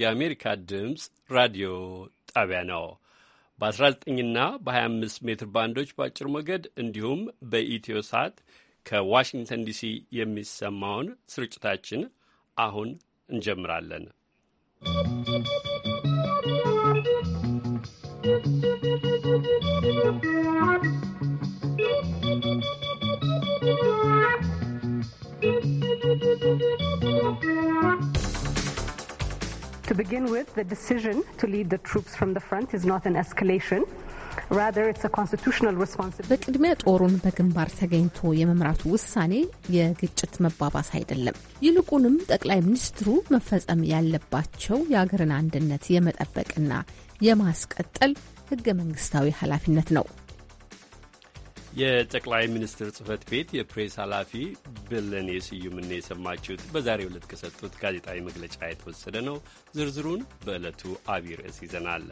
የአሜሪካ ድምፅ ራዲዮ ጣቢያ ነው። በ19ና በ25 ሜትር ባንዶች በአጭር ሞገድ እንዲሁም በኢትዮ ሳት ከዋሽንግተን ዲሲ የሚሰማውን ስርጭታችን አሁን እንጀምራለን። begin with, the decision to lead the troops from the front is not an escalation. Rather, it's a constitutional responsibility. በቅድሚያ ጦሩን በግንባር ተገኝቶ የመምራቱ ውሳኔ የግጭት መባባስ አይደለም። ይልቁንም ጠቅላይ ሚኒስትሩ መፈጸም ያለባቸው የአገርን አንድነት የመጠበቅና የማስቀጠል ህገ መንግስታዊ ኃላፊነት ነው። የጠቅላይ ሚኒስትር ጽህፈት ቤት የፕሬስ ኃላፊ ብለኔ ስዩምን የሰማችሁት በዛሬው ዕለት ከሰጡት ጋዜጣዊ መግለጫ የተወሰደ ነው። ዝርዝሩን በዕለቱ አቢይ ርዕስ ይዘናል።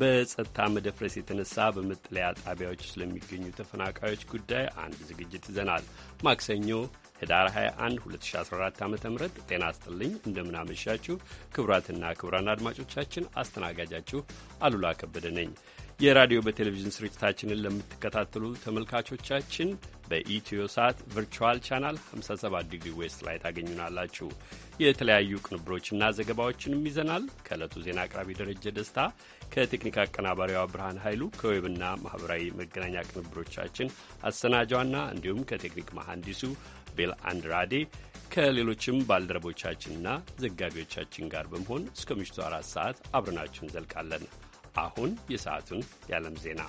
በጸጥታ መደፍረስ የተነሳ በመጠለያ ጣቢያዎች ስለሚገኙ ተፈናቃዮች ጉዳይ አንድ ዝግጅት ይዘናል። ማክሰኞ ህዳር 21 2014 ዓ ም ጤና ስጥልኝ እንደምናመሻችሁ ክቡራትና ክቡራን አድማጮቻችን አስተናጋጃችሁ አሉላ ከበደ ነኝ። የራዲዮ በቴሌቪዥን ስርጭታችንን ለምትከታተሉ ተመልካቾቻችን በኢትዮ ሳት ቨርቹዋል ቻናል 57 ዲግሪ ዌስት ላይ ታገኙናላችሁ። የተለያዩ ቅንብሮችና ዘገባዎችንም ይዘናል። ከዕለቱ ዜና አቅራቢ ደረጀ ደስታ፣ ከቴክኒክ አቀናባሪዋ ብርሃን ኃይሉ፣ ከዌብና ማኅበራዊ መገናኛ ቅንብሮቻችን አሰናጇና እንዲሁም ከቴክኒክ መሐንዲሱ ቤል አንድራዴ ከሌሎችም ባልደረቦቻችንና ዘጋቢዎቻችን ጋር በመሆን እስከ ምሽቱ አራት ሰዓት አብረናችሁ እንዘልቃለን። አሁን የሰዓቱን የዓለም ዜና።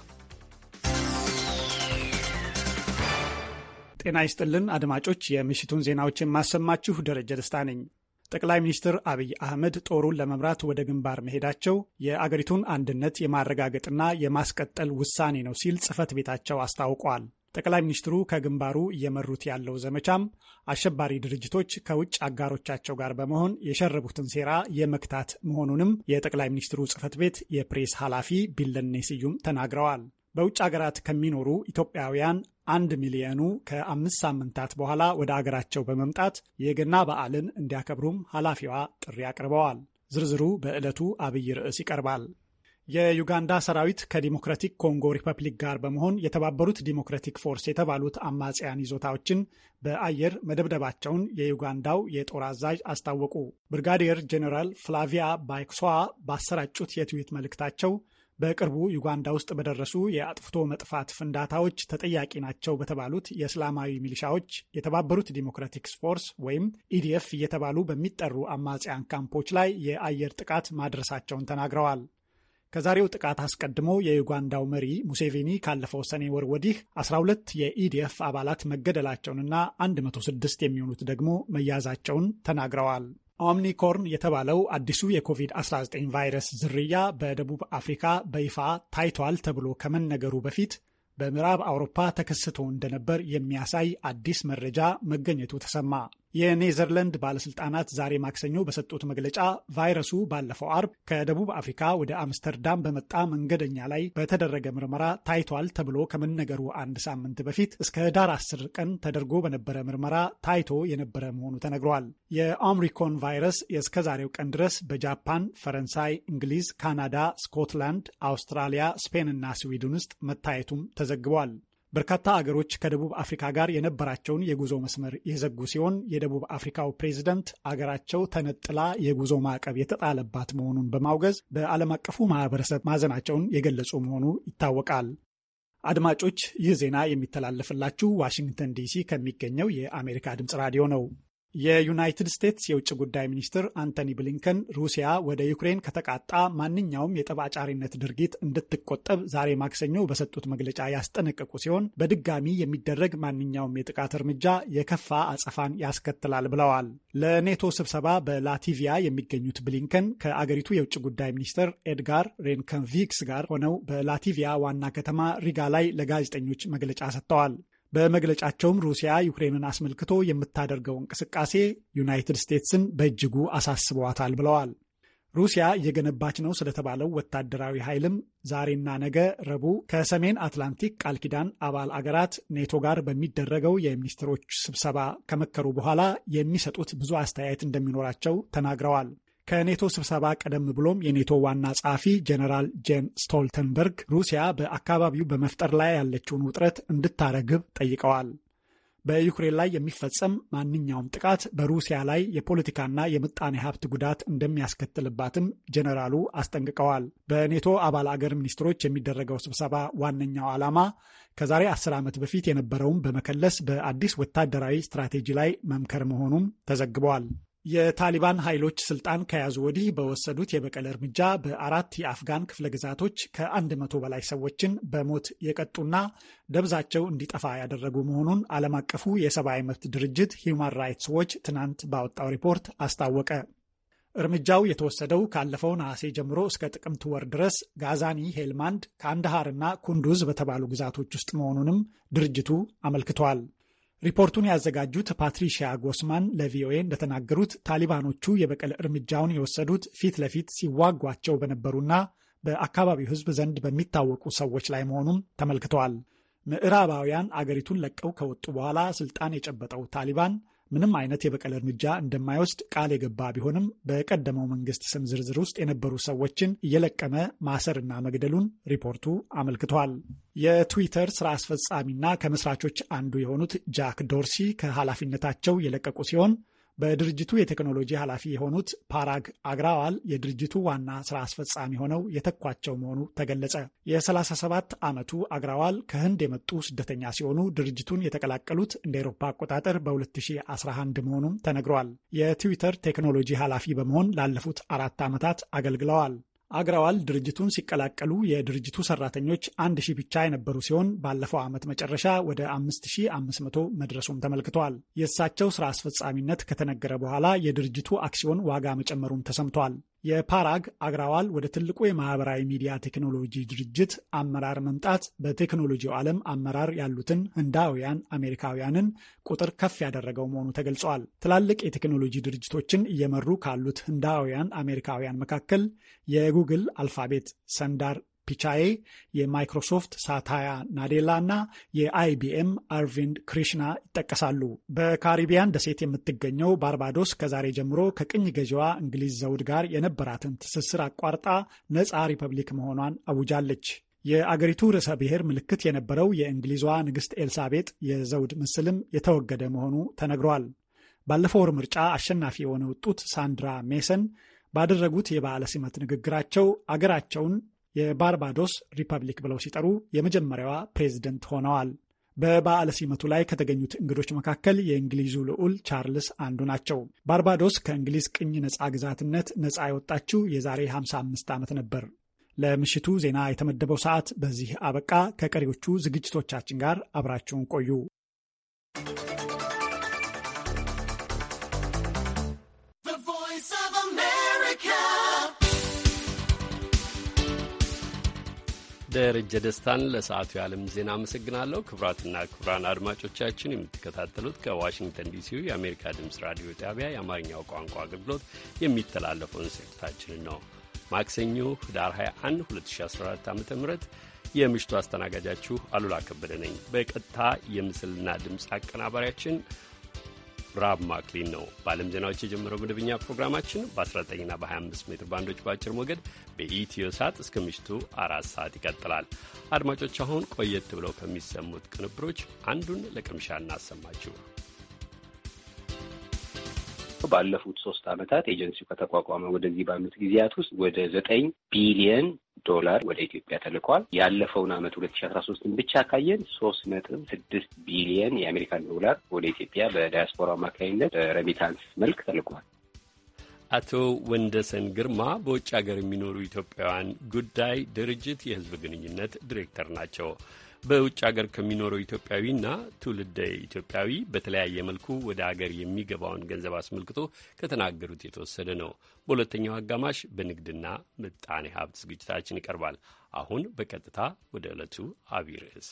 ጤና ይስጥልን አድማጮች፣ የምሽቱን ዜናዎች የማሰማችሁ ደረጀ ደስታ ነኝ። ጠቅላይ ሚኒስትር አብይ አህመድ ጦሩን ለመምራት ወደ ግንባር መሄዳቸው የአገሪቱን አንድነት የማረጋገጥና የማስቀጠል ውሳኔ ነው ሲል ጽህፈት ቤታቸው አስታውቋል። ጠቅላይ ሚኒስትሩ ከግንባሩ እየመሩት ያለው ዘመቻም አሸባሪ ድርጅቶች ከውጭ አጋሮቻቸው ጋር በመሆን የሸረቡትን ሴራ የመክታት መሆኑንም የጠቅላይ ሚኒስትሩ ጽህፈት ቤት የፕሬስ ኃላፊ ቢለኔ ስዩም ተናግረዋል። በውጭ አገራት ከሚኖሩ ኢትዮጵያውያን አንድ ሚሊዮኑ ከአምስት ሳምንታት በኋላ ወደ አገራቸው በመምጣት የገና በዓልን እንዲያከብሩም ኃላፊዋ ጥሪ አቅርበዋል። ዝርዝሩ በዕለቱ አብይ ርዕስ ይቀርባል። የዩጋንዳ ሰራዊት ከዲሞክራቲክ ኮንጎ ሪፐብሊክ ጋር በመሆን የተባበሩት ዲሞክራቲክ ፎርስ የተባሉት አማጽያን ይዞታዎችን በአየር መደብደባቸውን የዩጋንዳው የጦር አዛዥ አስታወቁ። ብርጋዴር ጄኔራል ፍላቪያ ባይክሷ ባሰራጩት የትዊት መልእክታቸው በቅርቡ ዩጋንዳ ውስጥ በደረሱ የአጥፍቶ መጥፋት ፍንዳታዎች ተጠያቂ ናቸው በተባሉት የእስላማዊ ሚሊሻዎች የተባበሩት ዲሞክራቲክስ ፎርስ ወይም ኢዲኤፍ እየተባሉ በሚጠሩ አማጽያን ካምፖች ላይ የአየር ጥቃት ማድረሳቸውን ተናግረዋል። ከዛሬው ጥቃት አስቀድሞ የዩጋንዳው መሪ ሙሴቬኒ ካለፈው ሰኔ ወር ወዲህ 12 የኢዲኤፍ አባላት መገደላቸውንና 106 የሚሆኑት ደግሞ መያዛቸውን ተናግረዋል። ኦምኒኮርን የተባለው አዲሱ የኮቪድ-19 ቫይረስ ዝርያ በደቡብ አፍሪካ በይፋ ታይቷል ተብሎ ከመነገሩ በፊት በምዕራብ አውሮፓ ተከስቶ እንደነበር የሚያሳይ አዲስ መረጃ መገኘቱ ተሰማ። የኔዘርላንድ ባለስልጣናት ዛሬ ማክሰኞ በሰጡት መግለጫ ቫይረሱ ባለፈው አርብ ከደቡብ አፍሪካ ወደ አምስተርዳም በመጣ መንገደኛ ላይ በተደረገ ምርመራ ታይቷል ተብሎ ከመነገሩ አንድ ሳምንት በፊት እስከ ዳር 10 ቀን ተደርጎ በነበረ ምርመራ ታይቶ የነበረ መሆኑ ተነግሯል። የኦምሪኮን ቫይረስ የእስከዛሬው ቀን ድረስ በጃፓን፣ ፈረንሳይ፣ እንግሊዝ፣ ካናዳ፣ ስኮትላንድ፣ አውስትራሊያ፣ ስፔንና ስዊድን ውስጥ መታየቱም ተዘግቧል። በርካታ አገሮች ከደቡብ አፍሪካ ጋር የነበራቸውን የጉዞ መስመር የዘጉ ሲሆን የደቡብ አፍሪካው ፕሬዚደንት አገራቸው ተነጥላ የጉዞ ማዕቀብ የተጣለባት መሆኑን በማውገዝ በዓለም አቀፉ ማህበረሰብ ማዘናቸውን የገለጹ መሆኑ ይታወቃል። አድማጮች፣ ይህ ዜና የሚተላለፍላችሁ ዋሽንግተን ዲሲ ከሚገኘው የአሜሪካ ድምፅ ራዲዮ ነው። የዩናይትድ ስቴትስ የውጭ ጉዳይ ሚኒስትር አንቶኒ ብሊንከን ሩሲያ ወደ ዩክሬን ከተቃጣ ማንኛውም የጠብ አጫሪነት ድርጊት እንድትቆጠብ ዛሬ ማክሰኞ በሰጡት መግለጫ ያስጠነቀቁ ሲሆን በድጋሚ የሚደረግ ማንኛውም የጥቃት እርምጃ የከፋ አጸፋን ያስከትላል ብለዋል። ለኔቶ ስብሰባ በላቲቪያ የሚገኙት ብሊንከን ከአገሪቱ የውጭ ጉዳይ ሚኒስትር ኤድጋር ሬንከንቪክስ ጋር ሆነው በላቲቪያ ዋና ከተማ ሪጋ ላይ ለጋዜጠኞች መግለጫ ሰጥተዋል። በመግለጫቸውም ሩሲያ ዩክሬንን አስመልክቶ የምታደርገው እንቅስቃሴ ዩናይትድ ስቴትስን በእጅጉ አሳስበዋታል ብለዋል። ሩሲያ እየገነባች ነው ስለተባለው ወታደራዊ ኃይልም ዛሬና ነገ ረቡዕ ከሰሜን አትላንቲክ ቃል ኪዳን አባል አገራት ኔቶ ጋር በሚደረገው የሚኒስትሮች ስብሰባ ከመከሩ በኋላ የሚሰጡት ብዙ አስተያየት እንደሚኖራቸው ተናግረዋል። ከኔቶ ስብሰባ ቀደም ብሎም የኔቶ ዋና ጸሐፊ ጀነራል ጄን ስቶልተንበርግ ሩሲያ በአካባቢው በመፍጠር ላይ ያለችውን ውጥረት እንድታረግብ ጠይቀዋል። በዩክሬን ላይ የሚፈጸም ማንኛውም ጥቃት በሩሲያ ላይ የፖለቲካና የምጣኔ ሀብት ጉዳት እንደሚያስከትልባትም ጀነራሉ አስጠንቅቀዋል። በኔቶ አባል አገር ሚኒስትሮች የሚደረገው ስብሰባ ዋነኛው ዓላማ ከዛሬ አስር ዓመት በፊት የነበረውን በመከለስ በአዲስ ወታደራዊ ስትራቴጂ ላይ መምከር መሆኑም ተዘግበዋል። የታሊባን ኃይሎች ስልጣን ከያዙ ወዲህ በወሰዱት የበቀል እርምጃ በአራት የአፍጋን ክፍለ ግዛቶች ከአንድ መቶ በላይ ሰዎችን በሞት የቀጡና ደብዛቸው እንዲጠፋ ያደረጉ መሆኑን ዓለም አቀፉ የሰብአዊ መብት ድርጅት ሂውማን ራይትስ ዎች ትናንት ባወጣው ሪፖርት አስታወቀ። እርምጃው የተወሰደው ካለፈው ነሐሴ ጀምሮ እስከ ጥቅምት ወር ድረስ ጋዛኒ፣ ሄልማንድ፣ ካንዳሃርና ኩንዱዝ በተባሉ ግዛቶች ውስጥ መሆኑንም ድርጅቱ አመልክቷል። ሪፖርቱን ያዘጋጁት ፓትሪሺያ ጎስማን ለቪኦኤ እንደተናገሩት ታሊባኖቹ የበቀል እርምጃውን የወሰዱት ፊት ለፊት ሲዋጓቸው በነበሩና በአካባቢው ሕዝብ ዘንድ በሚታወቁ ሰዎች ላይ መሆኑም ተመልክተዋል። ምዕራባውያን አገሪቱን ለቀው ከወጡ በኋላ ስልጣን የጨበጠው ታሊባን ምንም አይነት የበቀል እርምጃ እንደማይወስድ ቃል የገባ ቢሆንም በቀደመው መንግስት ስም ዝርዝር ውስጥ የነበሩ ሰዎችን እየለቀመ ማሰርና መግደሉን ሪፖርቱ አመልክቷል። የትዊተር ስራ አስፈጻሚና ከመስራቾች አንዱ የሆኑት ጃክ ዶርሲ ከኃላፊነታቸው የለቀቁ ሲሆን በድርጅቱ የቴክኖሎጂ ኃላፊ የሆኑት ፓራግ አግራዋል የድርጅቱ ዋና ስራ አስፈጻሚ ሆነው የተኳቸው መሆኑ ተገለጸ። የ37 ዓመቱ አግራዋል ከህንድ የመጡ ስደተኛ ሲሆኑ ድርጅቱን የተቀላቀሉት እንደ ኤሮፓ አቆጣጠር በ2011 መሆኑም ተነግሯል። የትዊተር ቴክኖሎጂ ኃላፊ በመሆን ላለፉት አራት ዓመታት አገልግለዋል። አግራዋል ድርጅቱን ሲቀላቀሉ የድርጅቱ ሰራተኞች አንድ ሺህ ብቻ የነበሩ ሲሆን ባለፈው ዓመት መጨረሻ ወደ 5500 መድረሱም ተመልክተዋል። የእሳቸው ስራ አስፈጻሚነት ከተነገረ በኋላ የድርጅቱ አክሲዮን ዋጋ መጨመሩም ተሰምቷል። የፓራግ አግራዋል ወደ ትልቁ የማህበራዊ ሚዲያ ቴክኖሎጂ ድርጅት አመራር መምጣት በቴክኖሎጂው ዓለም አመራር ያሉትን ህንዳውያን አሜሪካውያንን ቁጥር ከፍ ያደረገው መሆኑ ተገልጿል። ትላልቅ የቴክኖሎጂ ድርጅቶችን እየመሩ ካሉት ህንዳውያን አሜሪካውያን መካከል የጉግል አልፋቤት ሰንዳር ፒቻዬ፣ የማይክሮሶፍት ሳታያ ናዴላ እና የአይቢኤም አርቪንድ ክሪሽና ይጠቀሳሉ። በካሪቢያን ደሴት የምትገኘው ባርባዶስ ከዛሬ ጀምሮ ከቅኝ ገዢዋ እንግሊዝ ዘውድ ጋር የነበራትን ትስስር አቋርጣ ነፃ ሪፐብሊክ መሆኗን አውጃለች። የአገሪቱ ርዕሰ ብሔር ምልክት የነበረው የእንግሊዟ ንግሥት ኤልሳቤጥ የዘውድ ምስልም የተወገደ መሆኑ ተነግሯል። ባለፈው ወር ምርጫ አሸናፊ የሆነ ወጡት ሳንድራ ሜሰን ባደረጉት የበዓለ ሲመት ንግግራቸው አገራቸውን የባርባዶስ ሪፐብሊክ ብለው ሲጠሩ የመጀመሪያዋ ፕሬዝደንት ሆነዋል። በበዓለ ሲመቱ ላይ ከተገኙት እንግዶች መካከል የእንግሊዙ ልዑል ቻርልስ አንዱ ናቸው። ባርባዶስ ከእንግሊዝ ቅኝ ነፃ ግዛትነት ነፃ የወጣችው የዛሬ 55 ዓመት ነበር። ለምሽቱ ዜና የተመደበው ሰዓት በዚህ አበቃ። ከቀሪዎቹ ዝግጅቶቻችን ጋር አብራችሁን ቆዩ። ደረጀ ደስታን ለሰዓቱ የዓለም ዜና አመሰግናለሁ። ክቡራትና ክቡራን አድማጮቻችን የምትከታተሉት ከዋሽንግተን ዲሲው የአሜሪካ ድምፅ ራዲዮ ጣቢያ የአማርኛው ቋንቋ አገልግሎት የሚተላለፈውን ስርጭታችንን ነው። ማክሰኞ ህዳር 21 2014 ዓ ም የምሽቱ አስተናጋጃችሁ አሉላ ከበደ ነኝ። በቀጥታ የምስልና ድምፅ አቀናባሪያችን ራብ ማክሊን ነው። በዓለም ዜናዎች የጀመረው መደበኛ ፕሮግራማችን በ19ና በ25 ሜትር ባንዶች በአጭር ሞገድ በኢትዮ ሳት እስከ ምሽቱ አራት ሰዓት ይቀጥላል። አድማጮች፣ አሁን ቆየት ብለው ከሚሰሙት ቅንብሮች አንዱን ለቅምሻ እናሰማችሁ። ባለፉት ሶስት ዓመታት ኤጀንሲው ከተቋቋመ ወደዚህ ባሉት ጊዜያት ውስጥ ወደ ዘጠኝ ቢሊየን ዶላር ወደ ኢትዮጵያ ተልኳል። ያለፈውን ዓመት ሁለት ሺ አስራ ሶስትን ብቻ ካየን ሶስት ነጥብ ስድስት ቢሊየን የአሜሪካን ዶላር ወደ ኢትዮጵያ በዳያስፖራ አማካኝነት በረሚታንስ መልክ ተልኳል። አቶ ወንደሰን ግርማ በውጭ ሀገር የሚኖሩ ኢትዮጵያውያን ጉዳይ ድርጅት የህዝብ ግንኙነት ዲሬክተር ናቸው። በውጭ ሀገር ከሚኖረው ኢትዮጵያዊና ትውልደ ኢትዮጵያዊ በተለያየ መልኩ ወደ አገር የሚገባውን ገንዘብ አስመልክቶ ከተናገሩት የተወሰደ ነው። በሁለተኛው አጋማሽ በንግድና ምጣኔ ሀብት ዝግጅታችን ይቀርባል። አሁን በቀጥታ ወደ ዕለቱ አብይ ርዕስ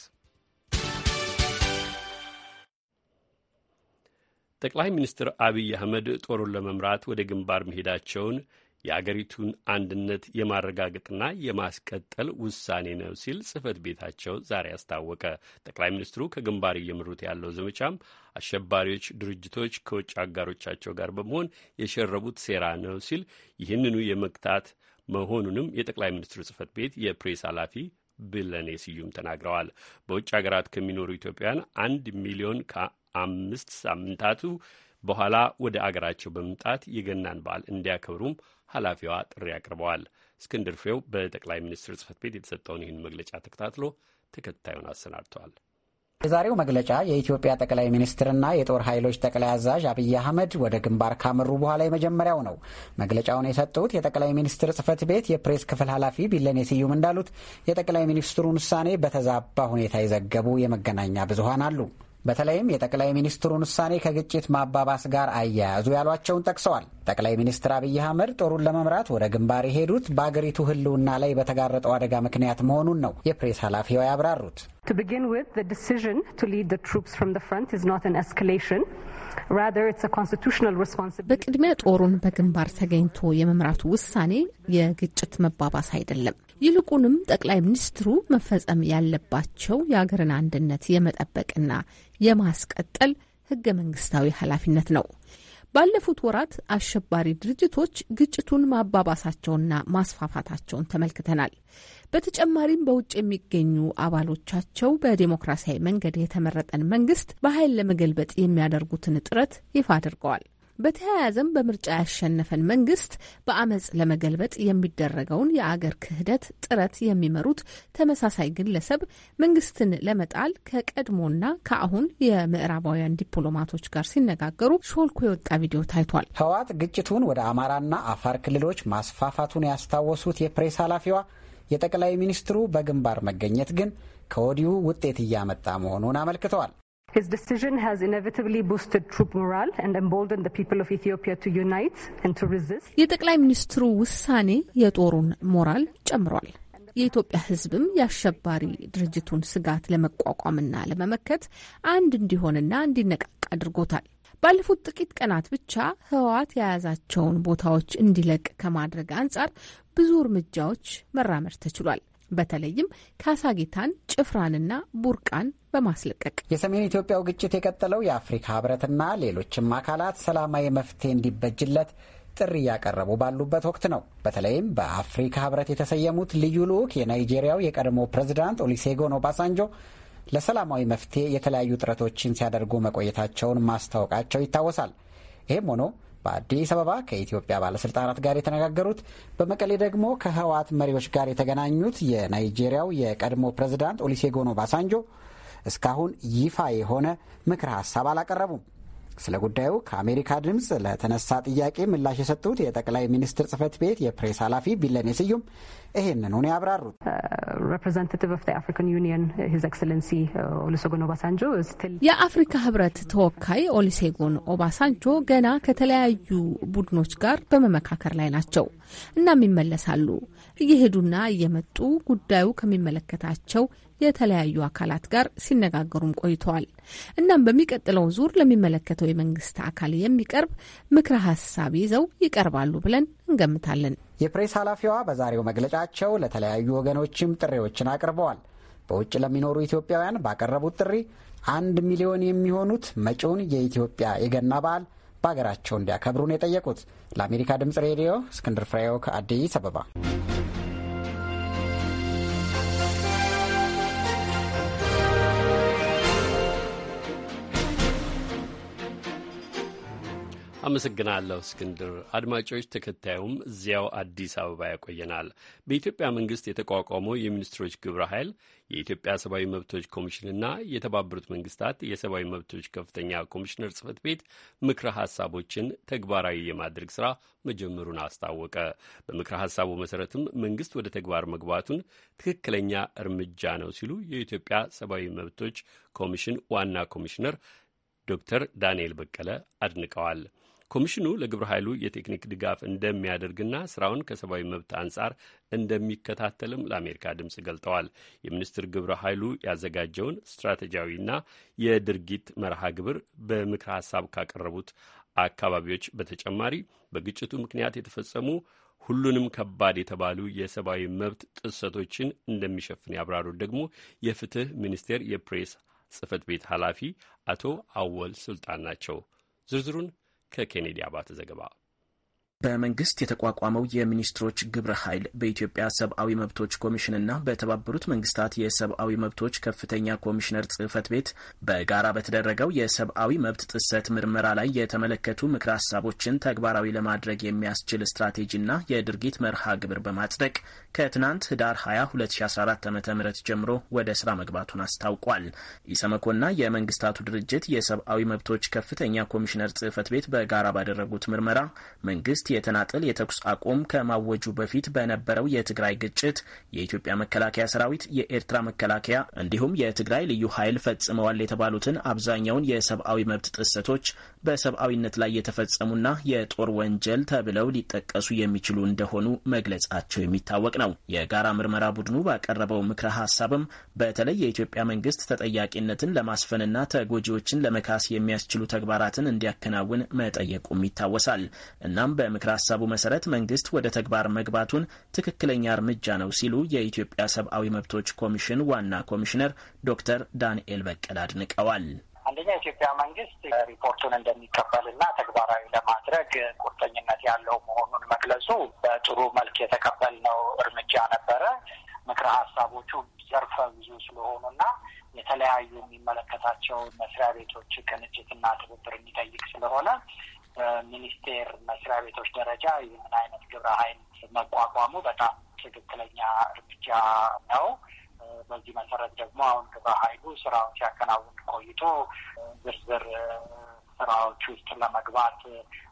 ጠቅላይ ሚኒስትር አብይ አህመድ ጦሩን ለመምራት ወደ ግንባር መሄዳቸውን የአገሪቱን አንድነት የማረጋገጥና የማስቀጠል ውሳኔ ነው ሲል ጽህፈት ቤታቸው ዛሬ አስታወቀ። ጠቅላይ ሚኒስትሩ ከግንባር እየመሩት ያለው ዘመቻም አሸባሪዎች ድርጅቶች ከውጭ አጋሮቻቸው ጋር በመሆን የሸረቡት ሴራ ነው ሲል ይህንኑ የመግታት መሆኑንም የጠቅላይ ሚኒስትሩ ጽህፈት ቤት የፕሬስ ኃላፊ ብለኔ ስዩም ተናግረዋል። በውጭ ሀገራት ከሚኖሩ ኢትዮጵያውያን አንድ ሚሊዮን ከአምስት ሳምንታቱ በኋላ ወደ አገራቸው በመምጣት የገናን በዓል እንዲያከብሩም ኃላፊዋ ጥሪ አቅርበዋል። እስክንድር ፍሬው በጠቅላይ ሚኒስትር ጽህፈት ቤት የተሰጠውን ይህን መግለጫ ተከታትሎ ተከታዩን አሰናድተዋል። የዛሬው መግለጫ የኢትዮጵያ ጠቅላይ ሚኒስትርና የጦር ኃይሎች ጠቅላይ አዛዥ አብይ አህመድ ወደ ግንባር ካመሩ በኋላ የመጀመሪያው ነው። መግለጫውን የሰጡት የጠቅላይ ሚኒስትር ጽህፈት ቤት የፕሬስ ክፍል ኃላፊ ቢለኔ ስዩም እንዳሉት የጠቅላይ ሚኒስትሩን ውሳኔ በተዛባ ሁኔታ የዘገቡ የመገናኛ ብዙሀን አሉ። በተለይም የጠቅላይ ሚኒስትሩን ውሳኔ ከግጭት ማባባስ ጋር አያያዙ ያሏቸውን ጠቅሰዋል። ጠቅላይ ሚኒስትር አብይ አህመድ ጦሩን ለመምራት ወደ ግንባር የሄዱት በአገሪቱ ሕልውና ላይ በተጋረጠው አደጋ ምክንያት መሆኑን ነው የፕሬስ ኃላፊው ያብራሩት። በቅድሚያ ጦሩን በግንባር ተገኝቶ የመምራቱ ውሳኔ የግጭት መባባስ አይደለም ይልቁንም ጠቅላይ ሚኒስትሩ መፈጸም ያለባቸው የአገርን አንድነት የመጠበቅና የማስቀጠል ህገ መንግስታዊ ኃላፊነት ነው። ባለፉት ወራት አሸባሪ ድርጅቶች ግጭቱን ማባባሳቸውና ማስፋፋታቸውን ተመልክተናል። በተጨማሪም በውጭ የሚገኙ አባሎቻቸው በዴሞክራሲያዊ መንገድ የተመረጠን መንግስት በኃይል ለመገልበጥ የሚያደርጉትን ጥረት ይፋ አድርገዋል። በተያያዘም በምርጫ ያሸነፈን መንግስት በአመፅ ለመገልበጥ የሚደረገውን የአገር ክህደት ጥረት የሚመሩት ተመሳሳይ ግለሰብ መንግስትን ለመጣል ከቀድሞና ከአሁን የምዕራባውያን ዲፕሎማቶች ጋር ሲነጋገሩ ሾልኮ የወጣ ቪዲዮ ታይቷል። ህወሓት ግጭቱን ወደ አማራና አፋር ክልሎች ማስፋፋቱን ያስታወሱት የፕሬስ ኃላፊዋ የጠቅላይ ሚኒስትሩ በግንባር መገኘት ግን ከወዲሁ ውጤት እያመጣ መሆኑን አመልክተዋል። His decision has inevitably boosted troop morale and emboldened the people of Ethiopia to unite and to resist. የጠቅላይ ሚኒስትሩ ውሳኔ የጦሩን ሞራል ጨምሯል። የኢትዮጵያ ሕዝብም የአሸባሪ ድርጅቱን ስጋት ለመቋቋምና ለመመከት አንድ እንዲሆንና እንዲነቃቅ አድርጎታል። ባለፉት ጥቂት ቀናት ብቻ ህወሓት የያዛቸውን ቦታዎች እንዲለቅ ከማድረግ አንጻር ብዙ እርምጃዎች መራመድ ተችሏል። በተለይም ካሳጌታን፣ ጭፍራንና ቡርቃን በማስለቀቅ የሰሜን ኢትዮጵያው ግጭት የቀጠለው የአፍሪካ ህብረትና ሌሎችም አካላት ሰላማዊ መፍትሄ እንዲበጅለት ጥሪ እያቀረቡ ባሉበት ወቅት ነው። በተለይም በአፍሪካ ህብረት የተሰየሙት ልዩ ልዑክ የናይጄሪያው የቀድሞ ፕሬዝዳንት ኦሊሴጎን ኦባሳንጆ ለሰላማዊ መፍትሄ የተለያዩ ጥረቶችን ሲያደርጉ መቆየታቸውን ማስታወቃቸው ይታወሳል። ይህም ሆኖ በአዲስ አበባ ከኢትዮጵያ ባለስልጣናት ጋር የተነጋገሩት፣ በመቀሌ ደግሞ ከህወሓት መሪዎች ጋር የተገናኙት የናይጄሪያው የቀድሞ ፕሬዚዳንት ኦሊሴጎን ኦባሳንጆ እስካሁን ይፋ የሆነ ምክር ሀሳብ አላቀረቡም። ስለ ጉዳዩ ከአሜሪካ ድምፅ ለተነሳ ጥያቄ ምላሽ የሰጡት የጠቅላይ ሚኒስትር ጽህፈት ቤት የፕሬስ ኃላፊ ቢለኔ ስዩም ይህንኑን ያብራሩት ሬፕሬዘንታቲቭ ኦፍ አፍሪካን ዩኒየን ሂዝ ኤክሰለንሲ ኦባሳንጆ የአፍሪካ ህብረት ተወካይ ኦሊሴጎን ኦባሳንጆ ገና ከተለያዩ ቡድኖች ጋር በመመካከር ላይ ናቸው። እናም ይመለሳሉ። እየሄዱና እየመጡ ጉዳዩ ከሚመለከታቸው የተለያዩ አካላት ጋር ሲነጋገሩም ቆይተዋል። እናም በሚቀጥለው ዙር ለሚመለከተው የመንግስት አካል የሚቀርብ ምክረ ሀሳብ ይዘው ይቀርባሉ ብለን እንገምታለን። የፕሬስ ኃላፊዋ በዛሬው መግለጫቸው ለተለያዩ ወገኖችም ጥሪዎችን አቅርበዋል። በውጭ ለሚኖሩ ኢትዮጵያውያን ባቀረቡት ጥሪ አንድ ሚሊዮን የሚሆኑት መጪውን የኢትዮጵያ የገና በዓል በሀገራቸው እንዲያከብሩን የጠየቁት ለአሜሪካ ድምፅ ሬዲዮ እስክንድር ፍሬው ከአዲስ አበባ አመሰግናለሁ እስክንድር። አድማጮች ተከታዩም እዚያው አዲስ አበባ ያቆየናል። በኢትዮጵያ መንግስት የተቋቋመው የሚኒስትሮች ግብረ ኃይል የኢትዮጵያ ሰብአዊ መብቶች ኮሚሽንና የተባበሩት መንግስታት የሰብአዊ መብቶች ከፍተኛ ኮሚሽነር ጽህፈት ቤት ምክረ ሀሳቦችን ተግባራዊ የማድረግ ስራ መጀመሩን አስታወቀ። በምክረ ሀሳቡ መሰረትም መንግስት ወደ ተግባር መግባቱን ትክክለኛ እርምጃ ነው ሲሉ የኢትዮጵያ ሰብአዊ መብቶች ኮሚሽን ዋና ኮሚሽነር ዶክተር ዳንኤል በቀለ አድንቀዋል። ኮሚሽኑ ለግብረ ኃይሉ የቴክኒክ ድጋፍ እንደሚያደርግና ስራውን ከሰብአዊ መብት አንጻር እንደሚከታተልም ለአሜሪካ ድምፅ ገልጠዋል። የሚኒስትር ግብረ ኃይሉ ያዘጋጀውን ስትራቴጂያዊና የድርጊት መርሃ ግብር በምክረ ሀሳብ ካቀረቡት አካባቢዎች በተጨማሪ በግጭቱ ምክንያት የተፈጸሙ ሁሉንም ከባድ የተባሉ የሰብአዊ መብት ጥሰቶችን እንደሚሸፍን ያብራሩት ደግሞ የፍትህ ሚኒስቴር የፕሬስ ጽህፈት ቤት ኃላፊ አቶ አወል ሱልጣን ናቸው። ዝርዝሩን ከኬኔዲ አባተ ዘገባ በመንግስት የተቋቋመው የሚኒስትሮች ግብረ ኃይል በኢትዮጵያ ሰብአዊ መብቶች ኮሚሽንና በተባበሩት መንግስታት የሰብአዊ መብቶች ከፍተኛ ኮሚሽነር ጽህፈት ቤት በጋራ በተደረገው የሰብአዊ መብት ጥሰት ምርመራ ላይ የተመለከቱ ምክረ ሀሳቦችን ተግባራዊ ለማድረግ የሚያስችል ስትራቴጂና የድርጊት መርሃ ግብር በማጽደቅ ከትናንት ህዳር 20 2014 ዓ ም ጀምሮ ወደ ስራ መግባቱን አስታውቋል። ኢሰመኮና የመንግስታቱ ድርጅት የሰብአዊ መብቶች ከፍተኛ ኮሚሽነር ጽህፈት ቤት በጋራ ባደረጉት ምርመራ መንግስት መንግስት የተናጠል የተኩስ አቁም ከማወጁ በፊት በነበረው የትግራይ ግጭት የኢትዮጵያ መከላከያ ሰራዊት፣ የኤርትራ መከላከያ እንዲሁም የትግራይ ልዩ ኃይል ፈጽመዋል የተባሉትን አብዛኛውን የሰብአዊ መብት ጥሰቶች በሰብአዊነት ላይ የተፈጸሙና የጦር ወንጀል ተብለው ሊጠቀሱ የሚችሉ እንደሆኑ መግለጻቸው የሚታወቅ ነው። የጋራ ምርመራ ቡድኑ ባቀረበው ምክረ ሀሳብም በተለይ የኢትዮጵያ መንግስት ተጠያቂነትን ለማስፈንና ተጎጂዎችን ለመካስ የሚያስችሉ ተግባራትን እንዲያከናውን መጠየቁም ይታወሳል። እናም በ ምክር ሀሳቡ መሰረት መንግስት ወደ ተግባር መግባቱን ትክክለኛ እርምጃ ነው ሲሉ የኢትዮጵያ ሰብአዊ መብቶች ኮሚሽን ዋና ኮሚሽነር ዶክተር ዳንኤል በቀለ አድንቀዋል። አንደኛ የኢትዮጵያ መንግስት ሪፖርቱን እንደሚቀበልና ተግባራዊ ለማድረግ ቁርጠኝነት ያለው መሆኑን መግለጹ በጥሩ መልክ የተቀበልነው እርምጃ ነበረ። ምክረ ሀሳቦቹ ዘርፈ ብዙ ስለሆኑና የተለያዩ የሚመለከታቸው መስሪያ ቤቶች ቅንጅትና ትብብር የሚጠይቅ ስለሆነ በሚኒስቴር መስሪያ ቤቶች ደረጃ ይህን አይነት ግብረ ኃይል መቋቋሙ በጣም ትክክለኛ እርምጃ ነው። በዚህ መሰረት ደግሞ አሁን ግብረ ኃይሉ ስራውን ሲያከናውን ቆይቶ ዝርዝር ስራዎች ውስጥ ለመግባት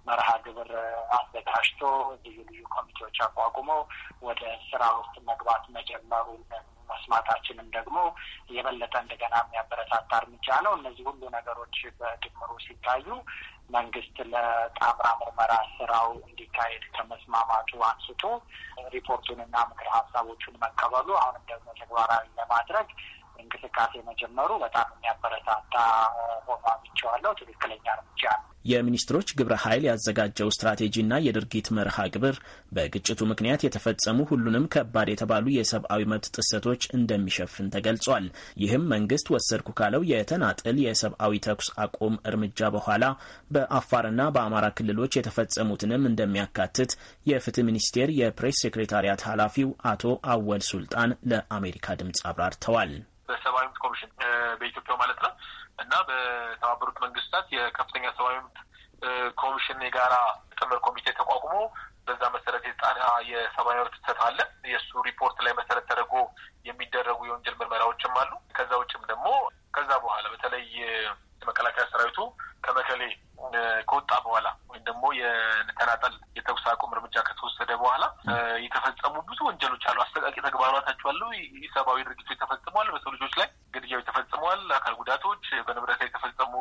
መርሃ ግብር አዘጋጅቶ ልዩ ልዩ ኮሚቴዎች አቋቁሞ ወደ ስራ ውስጥ መግባት መጀመሩን መስማታችንም ደግሞ የበለጠ እንደገና የሚያበረታታ እርምጃ ነው። እነዚህ ሁሉ ነገሮች በድምሩ ሲታዩ መንግስት ለጣምራ ምርመራ ስራው እንዲካሄድ ከመስማማቱ አንስቶ ሪፖርቱንና ምክር ሀሳቦቹን መቀበሉ አሁንም ደግሞ ተግባራዊ ለማድረግ እንቅስቃሴ መጀመሩ በጣም የሚያበረታታ ሆኖ አግኝቼዋለሁ። ትክክለኛ እርምጃ ነው። የሚኒስትሮች ግብረ ኃይል ያዘጋጀው ስትራቴጂና የድርጊት መርሃ ግብር በግጭቱ ምክንያት የተፈጸሙ ሁሉንም ከባድ የተባሉ የሰብአዊ መብት ጥሰቶች እንደሚሸፍን ተገልጿል። ይህም መንግስት ወሰድኩ ካለው የተናጥል የሰብአዊ ተኩስ አቁም እርምጃ በኋላ በአፋርና በአማራ ክልሎች የተፈጸሙትንም እንደሚያካትት የፍትህ ሚኒስቴር የፕሬስ ሴክሬታሪያት ኃላፊው አቶ አወል ሱልጣን ለአሜሪካ ድምጽ አብራርተዋል። በሰብአዊ መብት ኮሚሽን በኢትዮጵያ ማለት ነው እና በተባበሩት መንግስታት የከፍተኛ ሰብአዊ መብት ኮሚሽን የጋራ ጥምር ኮሚቴ ተቋቁሞ በዛ መሰረት የጣና የሰብአዊ መብት ጥሰት አለ። የእሱ ሪፖርት ላይ መሰረት ተደርጎ የሚደረጉ የወንጀል ምርመራዎችም አሉ። ከዛ ውጭም ደግሞ ከዛ በኋላ በተለይ መከላከያ ሰራዊቱ ከመከሌ ከወጣ በኋላ ወይም ደግሞ የተናጠል የተኩስ አቁም እርምጃ ከተወሰደ በኋላ የተፈጸሙ ብዙ ወንጀሎች አሉ። አሰቃቂ ተግባራታቸው አሉ። ሰብአዊ ድርጊቶች ተፈጽመዋል። በሰው ልጆች ላይ ግድያዎች ተፈጽመዋል። አካል ጉዳቶች፣ በንብረት ላይ የተፈጸሙ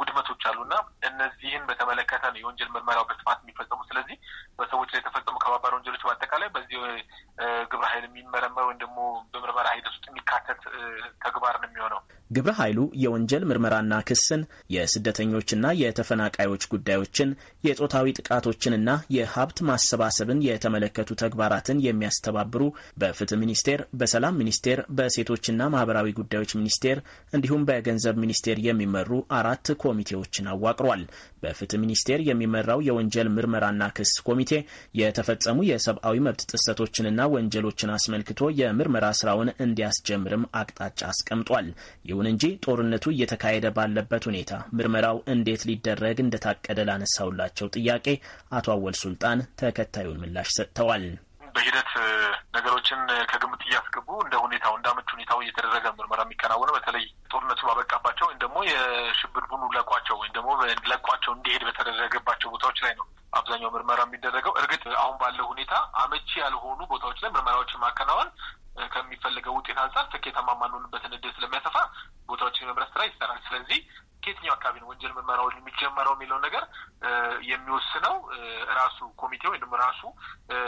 ውድመቶች አሉ እና እነዚህን በተመለከተ ነው የወንጀል ምርመራው በስፋት የሚፈጸሙ። ስለዚህ በሰዎች ላይ የተፈጸሙ ከባባድ ወንጀሎች በአጠቃላይ በዚህ ግብረ ኃይል የሚመረመር ወይም ደግሞ በምርመራ ሂደት ውስጥ የሚካተት ተግባር ነው የሚሆነው። ግብረ ኃይሉ የወንጀል ምርመራና ክስን የስደተኞችና የተፈናቃዮች ጉዳዮችን፣ የጾታዊ ጥቃቶችንና የሀብት ማሰባሰብን የተመለከቱ ተግባራትን የሚያስተባብሩ በፍትህ ሚኒስቴር፣ በሰላም ሚኒስቴር፣ በሴቶችና ማህበራዊ ጉዳዮች ሚኒስቴር እንዲሁም በገንዘብ ሚኒስቴር የሚመሩ አራት ኮሚቴዎችን አዋቅሯል። በፍትህ ሚኒስቴር የሚመራው የወንጀል ምርመራና ክስ ኮሚቴ የተፈጸሙ የሰብአዊ መብት ጥሰቶችንና ወንጀሎችን አስመልክቶ የምርመራ ስራውን እንዲያስጀምርም አቅጣጫ አስቀምጧል። ይሁን እንጂ ጦርነቱ እየተካሄደ ባለበት ሁኔታ ምርመራው እንዴት ውይይት ሊደረግ እንደታቀደ ላነሳውላቸው ጥያቄ አቶ አወል ሱልጣን ተከታዩን ምላሽ ሰጥተዋል። በሂደት ነገሮችን ከግምት እያስገቡ እንደ ሁኔታው እንደ አመች ሁኔታው እየተደረገ ምርመራ የሚከናወነው በተለይ ጦርነቱ ባበቃባቸው ወይም ደግሞ የሽብር ቡኑ ለቋቸው ወይም ደግሞ ለቋቸው እንዲሄድ በተደረገባቸው ቦታዎች ላይ ነው አብዛኛው ምርመራ የሚደረገው። እርግጥ አሁን ባለው ሁኔታ አመቺ ያልሆኑ ቦታዎች ላይ ምርመራዎችን ማከናወን ከሚፈለገው ውጤት አንጻር ስኬታማ ማንሆንበትን እድል ስለሚያሰፋ ቦታዎችን የመምረጥ ስራ ይሰራል። ስለዚህ ከየትኛው አካባቢ ነው ወንጀል ምርመራ የሚጀመረው የሚለው ነገር የሚወስነው ራሱ ኮሚቴ ወይም ራሱ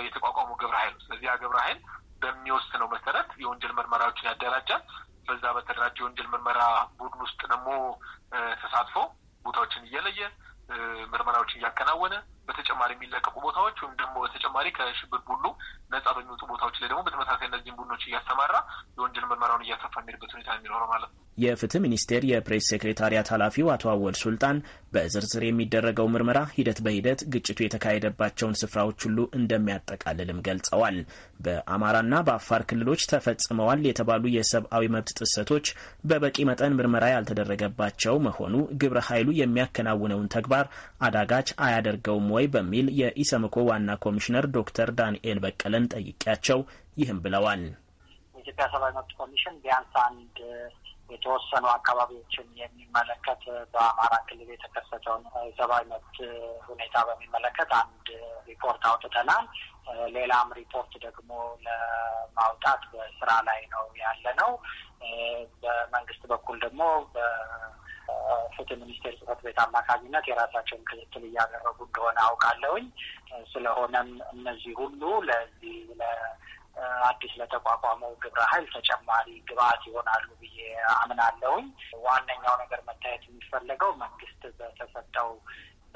የተቋቋመው ግብረ ኃይል ነው። ስለዚህ ግብረ ኃይል በሚወስነው መሰረት የወንጀል ምርመራዎችን ያደራጃል። በዛ በተደራጀ የወንጀል ምርመራ ቡድን ውስጥ ደግሞ ተሳትፎ ቦታዎችን እየለየ ምርመራዎችን እያከናወነ በተጨማሪ የሚለቀቁ ቦታዎች ወይም ደግሞ በተጨማሪ ከሽብር ቡድኑ ነጻ በሚወጡ ቦታዎች ላይ ደግሞ በተመሳሳይ እነዚህን ቡድኖች እያሰማራ የወንጀል ምርመራውን እያሰፋ የሚሄድበት ሁኔታ የሚኖረው ማለት ነው። የፍትህ ሚኒስቴር የፕሬስ ሴክሬታሪያት ኃላፊው አቶ አወል ሱልጣን በዝርዝር የሚደረገው ምርመራ ሂደት በሂደት ግጭቱ የተካሄደባቸውን ስፍራዎች ሁሉ እንደሚያጠቃልልም ገልጸዋል። በአማራና በአፋር ክልሎች ተፈጽመዋል የተባሉ የሰብአዊ መብት ጥሰቶች በበቂ መጠን ምርመራ ያልተደረገባቸው መሆኑ ግብረ ኃይሉ የሚያከናውነውን ተግባር አዳጋች አያደርገውም ወይ በሚል የኢሰምኮ ዋና ኮሚሽነር ዶክተር ዳንኤል በቀለን ጠይቂያቸው ይህም ብለዋል። የኢትዮጵያ ሰብአዊ መብት ኮሚሽን ቢያንስ አንድ የተወሰኑ አካባቢዎችን የሚመለከት በአማራ ክልል የተከሰተውን የሰብአዊ መብት ሁኔታ በሚመለከት አንድ ሪፖርት አውጥተናል። ሌላም ሪፖርት ደግሞ ለማውጣት በስራ ላይ ነው ያለ ነው። በመንግስት በኩል ደግሞ ፍትህ ሚኒስቴር ጽህፈት ቤት አማካኝነት የራሳቸውን ክትትል እያደረጉ እንደሆነ አውቃለሁኝ። ስለሆነም እነዚህ ሁሉ ለዚህ አዲስ ለተቋቋመው ግብረ ኃይል ተጨማሪ ግብአት ይሆናሉ ብዬ አምናለሁኝ። ዋነኛው ነገር መታየት የሚፈለገው መንግስት በተሰጠው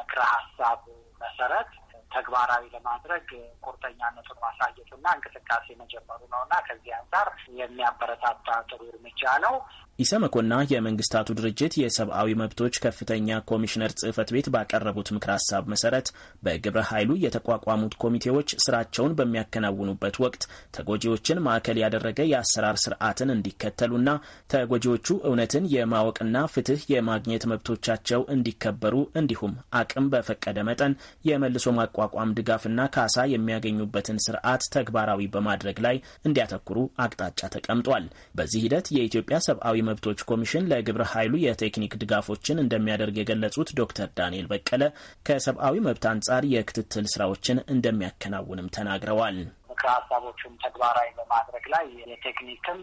ምክረ ሀሳብ መሰረት ተግባራዊ ለማድረግ ቁርጠኛነቱን ማሳየቱና እንቅስቃሴ መጀመሩ ነው እና ከዚህ አንጻር የሚያበረታታ ጥሩ እርምጃ ነው። ኢሰመኮና የመንግስታቱ ድርጅት የሰብአዊ መብቶች ከፍተኛ ኮሚሽነር ጽህፈት ቤት ባቀረቡት ምክር ሀሳብ መሰረት በግብረ ኃይሉ የተቋቋሙት ኮሚቴዎች ስራቸውን በሚያከናውኑበት ወቅት ተጎጂዎችን ማዕከል ያደረገ የአሰራር ስርዓትን እንዲከተሉና ተጎጂዎቹ እውነትን የማወቅና ፍትህ የማግኘት መብቶቻቸው እንዲከበሩ እንዲሁም አቅም በፈቀደ መጠን የመልሶ ማቋቋም ድጋፍና ካሳ የሚያገኙበትን ስርዓት ተግባራዊ በማድረግ ላይ እንዲያተኩሩ አቅጣጫ ተቀምጧል። በዚህ ሂደት የኢትዮጵያ ሰብአዊ መብቶች ኮሚሽን ለግብረ ኃይሉ የቴክኒክ ድጋፎችን እንደሚያደርግ የገለጹት ዶክተር ዳንኤል በቀለ ከሰብአዊ መብት አንጻር የክትትል ስራዎችን እንደሚያከናውንም ተናግረዋል። ምክረ ሀሳቦቹም ተግባራዊ በማድረግ ላይ የቴክኒክም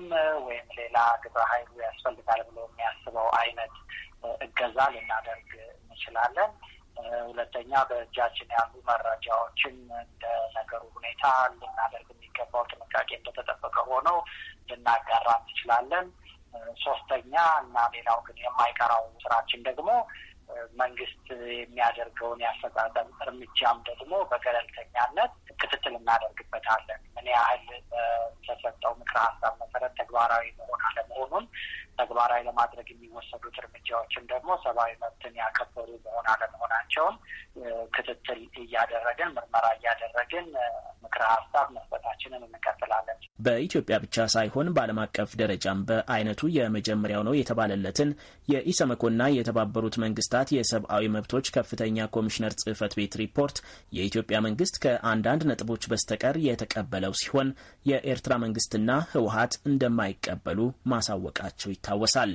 ወይም ሌላ ግብረ ኃይሉ ያስፈልጋል ብሎ የሚያስበው አይነት እገዛ ልናደርግ እንችላለን። ሁለተኛ በእጃችን ያሉ መረጃዎችን እንደ ነገሩ ሁኔታ ልናደርግ የሚገባው ጥንቃቄ እንደተጠበቀ ሆነው ልናጋራ እንችላለን። ሶስተኛ እና ሌላው ግን የማይቀራው ስራችን ደግሞ መንግስት የሚያደርገውን ያፈጻጸም እርምጃም ደግሞ በገለልተኛነት ክትትል እናደርግበታለን። ምን ያህል በተሰጠው ምክረ ሀሳብ መሰረት ተግባራዊ መሆን አለመሆኑን ተግባራዊ ለማድረግ የሚወሰዱት እርምጃዎችም ደግሞ ሰብአዊ መብትን ያከበሩ መሆን አለመሆናቸውን ክትትል እያደረግን ምርመራ እያደረግን ምክረ ሀሳብ መስጠታችንን እንቀጥላለን። በኢትዮጵያ ብቻ ሳይሆን በዓለም አቀፍ ደረጃም በአይነቱ የመጀመሪያው ነው የተባለለትን የኢሰመኮና የተባበሩት መንግስታት የሰብአዊ መብቶች ከፍተኛ ኮሚሽነር ጽህፈት ቤት ሪፖርት የኢትዮጵያ መንግስት ከአንዳንድ ነጥቦች በስተቀር የተቀበለው ሲሆን የኤርትራ መንግስትና ህወሀት እንደማይቀበሉ ማሳወቃቸው ይታል ይታወሳል።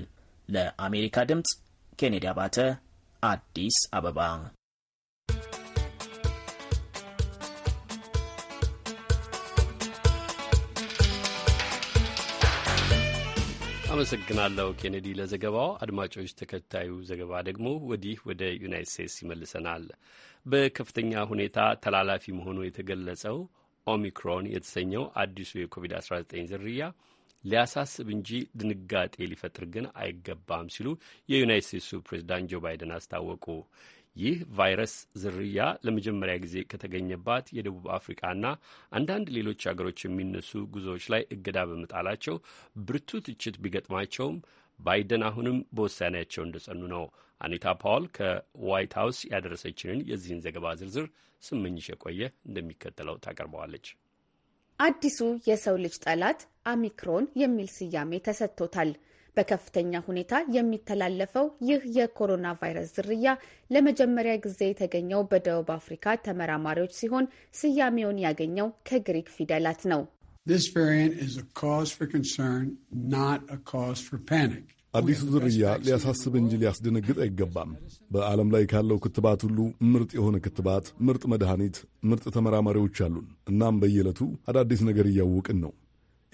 ለአሜሪካ ድምፅ ኬኔዲ አባተ አዲስ አበባ። አመሰግናለሁ ኬኔዲ ለዘገባው። አድማጮች፣ ተከታዩ ዘገባ ደግሞ ወዲህ ወደ ዩናይት ስቴትስ ይመልሰናል። በከፍተኛ ሁኔታ ተላላፊ መሆኑ የተገለጸው ኦሚክሮን የተሰኘው አዲሱ የኮቪድ-19 ዝርያ ሊያሳስብ እንጂ ድንጋጤ ሊፈጥር ግን አይገባም ሲሉ የዩናይት ስቴትሱ ፕሬዚዳንት ጆ ባይደን አስታወቁ። ይህ ቫይረስ ዝርያ ለመጀመሪያ ጊዜ ከተገኘባት የደቡብ አፍሪካና አንዳንድ ሌሎች አገሮች የሚነሱ ጉዞዎች ላይ እገዳ በመጣላቸው ብርቱ ትችት ቢገጥማቸውም ባይደን አሁንም በውሳኔያቸው እንደጸኑ ነው። አኒታ ፓውል ከዋይት ሀውስ ያደረሰችንን የዚህን ዘገባ ዝርዝር ስመኝሽ የቆየ እንደሚከተለው ታቀርበዋለች። አዲሱ የሰው ልጅ ጠላት አሚክሮን የሚል ስያሜ ተሰጥቶታል። በከፍተኛ ሁኔታ የሚተላለፈው ይህ የኮሮና ቫይረስ ዝርያ ለመጀመሪያ ጊዜ የተገኘው በደቡብ አፍሪካ ተመራማሪዎች ሲሆን ስያሜውን ያገኘው ከግሪክ ፊደላት ነው። አዲሱ ዝርያ ሊያሳስብ እንጂ ሊያስደነግጥ አይገባም። በዓለም ላይ ካለው ክትባት ሁሉ ምርጥ የሆነ ክትባት፣ ምርጥ መድኃኒት፣ ምርጥ ተመራማሪዎች አሉን። እናም በየዕለቱ አዳዲስ ነገር እያወቅን ነው።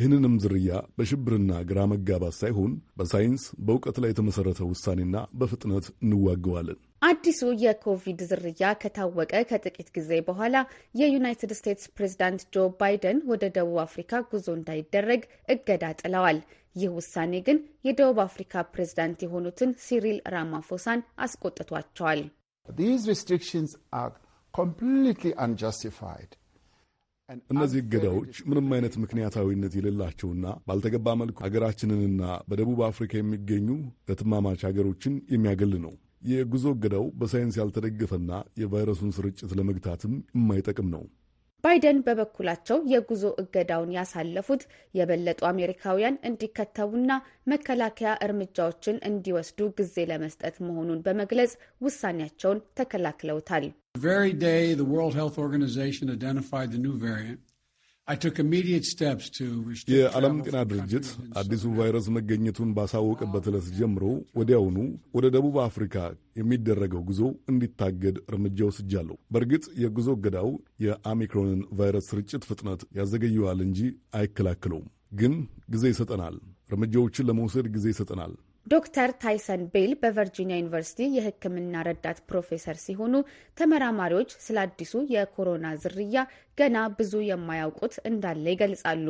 ይህንንም ዝርያ በሽብርና ግራ መጋባት ሳይሆን በሳይንስ በእውቀት ላይ የተመሠረተ ውሳኔና በፍጥነት እንዋገዋለን። አዲሱ የኮቪድ ዝርያ ከታወቀ ከጥቂት ጊዜ በኋላ የዩናይትድ ስቴትስ ፕሬዝዳንት ጆ ባይደን ወደ ደቡብ አፍሪካ ጉዞ እንዳይደረግ እገዳ ጥለዋል። ይህ ውሳኔ ግን የደቡብ አፍሪካ ፕሬዝዳንት የሆኑትን ሲሪል ራማፎሳን አስቆጥቷቸዋል። These restrictions are completely unjustified. እነዚህ እገዳዎች ምንም አይነት ምክንያታዊነት የሌላቸውና ባልተገባ መልኩ ሀገራችንንና በደቡብ አፍሪካ የሚገኙ እህትማማች ሀገሮችን የሚያገል ነው። የጉዞ እገዳው በሳይንስ ያልተደገፈና የቫይረሱን ስርጭት ለመግታትም የማይጠቅም ነው። ባይደን በበኩላቸው የጉዞ እገዳውን ያሳለፉት የበለጡ አሜሪካውያን እንዲከተቡና መከላከያ እርምጃዎችን እንዲወስዱ ጊዜ ለመስጠት መሆኑን በመግለጽ ውሳኔያቸውን ተከላክለውታል። The very day the World Health Organization identified the new variant, የዓለም ጤና ድርጅት አዲሱ ቫይረስ መገኘቱን ባሳወቀበት ዕለት ጀምሮ ወዲያውኑ ወደ ደቡብ አፍሪካ የሚደረገው ጉዞ እንዲታገድ እርምጃ ወስጃለሁ። በእርግጥ የጉዞ እገዳው የኦሚክሮንን ቫይረስ ስርጭት ፍጥነት ያዘገየዋል እንጂ አይከላክለውም። ግን ጊዜ ይሰጠናል፣ እርምጃዎችን ለመውሰድ ጊዜ ይሰጠናል። ዶክተር ታይሰን ቤል በቨርጂኒያ ዩኒቨርሲቲ የሕክምና ረዳት ፕሮፌሰር ሲሆኑ ተመራማሪዎች ስለ አዲሱ የኮሮና ዝርያ ገና ብዙ የማያውቁት እንዳለ ይገልጻሉ።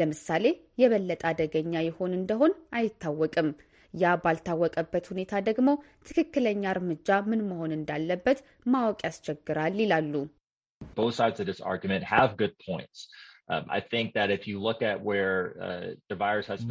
ለምሳሌ የበለጠ አደገኛ ይሆን እንደሆን አይታወቅም። ያ ባልታወቀበት ሁኔታ ደግሞ ትክክለኛ እርምጃ ምን መሆን እንዳለበት ማወቅ ያስቸግራል ይላሉ። Um, uh,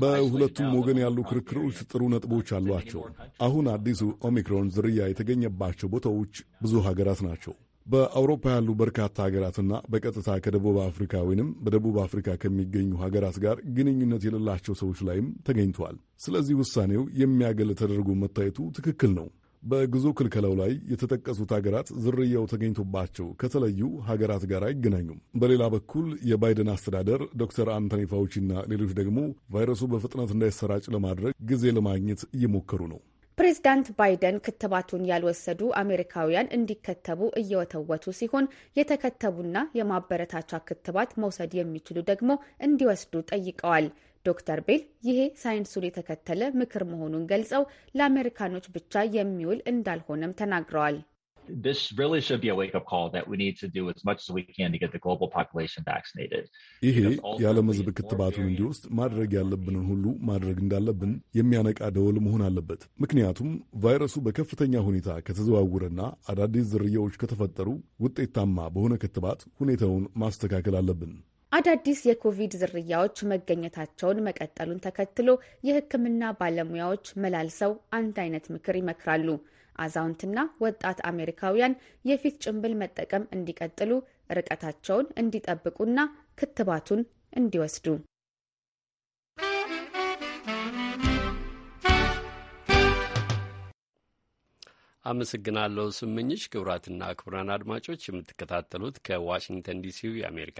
በሁለቱም ወገን ያሉ ክርክሮች ጥሩ ነጥቦች አሏቸው። አሁን አዲሱ ኦሚክሮን ዝርያ የተገኘባቸው ቦታዎች ብዙ ሀገራት ናቸው። በአውሮፓ ያሉ በርካታ ሀገራትና በቀጥታ ከደቡብ አፍሪካ ወይንም በደቡብ አፍሪካ ከሚገኙ ሀገራት ጋር ግንኙነት የሌላቸው ሰዎች ላይም ተገኝቷል። ስለዚህ ውሳኔው የሚያገል ተደርጎ መታየቱ ትክክል ነው። በጉዞ ክልከላው ላይ የተጠቀሱት ሀገራት ዝርያው ተገኝቶባቸው ከተለዩ ሀገራት ጋር አይገናኙም። በሌላ በኩል የባይደን አስተዳደር ዶክተር አንቶኒ ፋውቺና ሌሎች ደግሞ ቫይረሱ በፍጥነት እንዳይሰራጭ ለማድረግ ጊዜ ለማግኘት እየሞከሩ ነው። ፕሬዚዳንት ባይደን ክትባቱን ያልወሰዱ አሜሪካውያን እንዲከተቡ እየወተወቱ ሲሆን የተከተቡና የማበረታቻ ክትባት መውሰድ የሚችሉ ደግሞ እንዲወስዱ ጠይቀዋል። ዶክተር ቤል ይሄ ሳይንሱን የተከተለ ምክር መሆኑን ገልጸው ለአሜሪካኖች ብቻ የሚውል እንዳልሆነም ተናግረዋል። ይሄ የዓለም ሕዝብ ክትባቱን እንዲወስድ ማድረግ ያለብንን ሁሉ ማድረግ እንዳለብን የሚያነቃ ደወል መሆን አለበት። ምክንያቱም ቫይረሱ በከፍተኛ ሁኔታ ከተዘዋወረና አዳዲስ ዝርያዎች ከተፈጠሩ ውጤታማ በሆነ ክትባት ሁኔታውን ማስተካከል አለብን። አዳዲስ የኮቪድ ዝርያዎች መገኘታቸውን መቀጠሉን ተከትሎ የሕክምና ባለሙያዎች መላልሰው አንድ አይነት ምክር ይመክራሉ። አዛውንትና ወጣት አሜሪካውያን የፊት ጭንብል መጠቀም እንዲቀጥሉ፣ ርቀታቸውን እንዲጠብቁና ክትባቱን እንዲወስዱ አመሰግናለሁ ስምኝሽ። ክቡራትና ክቡራን አድማጮች የምትከታተሉት ከዋሽንግተን ዲሲው የአሜሪካ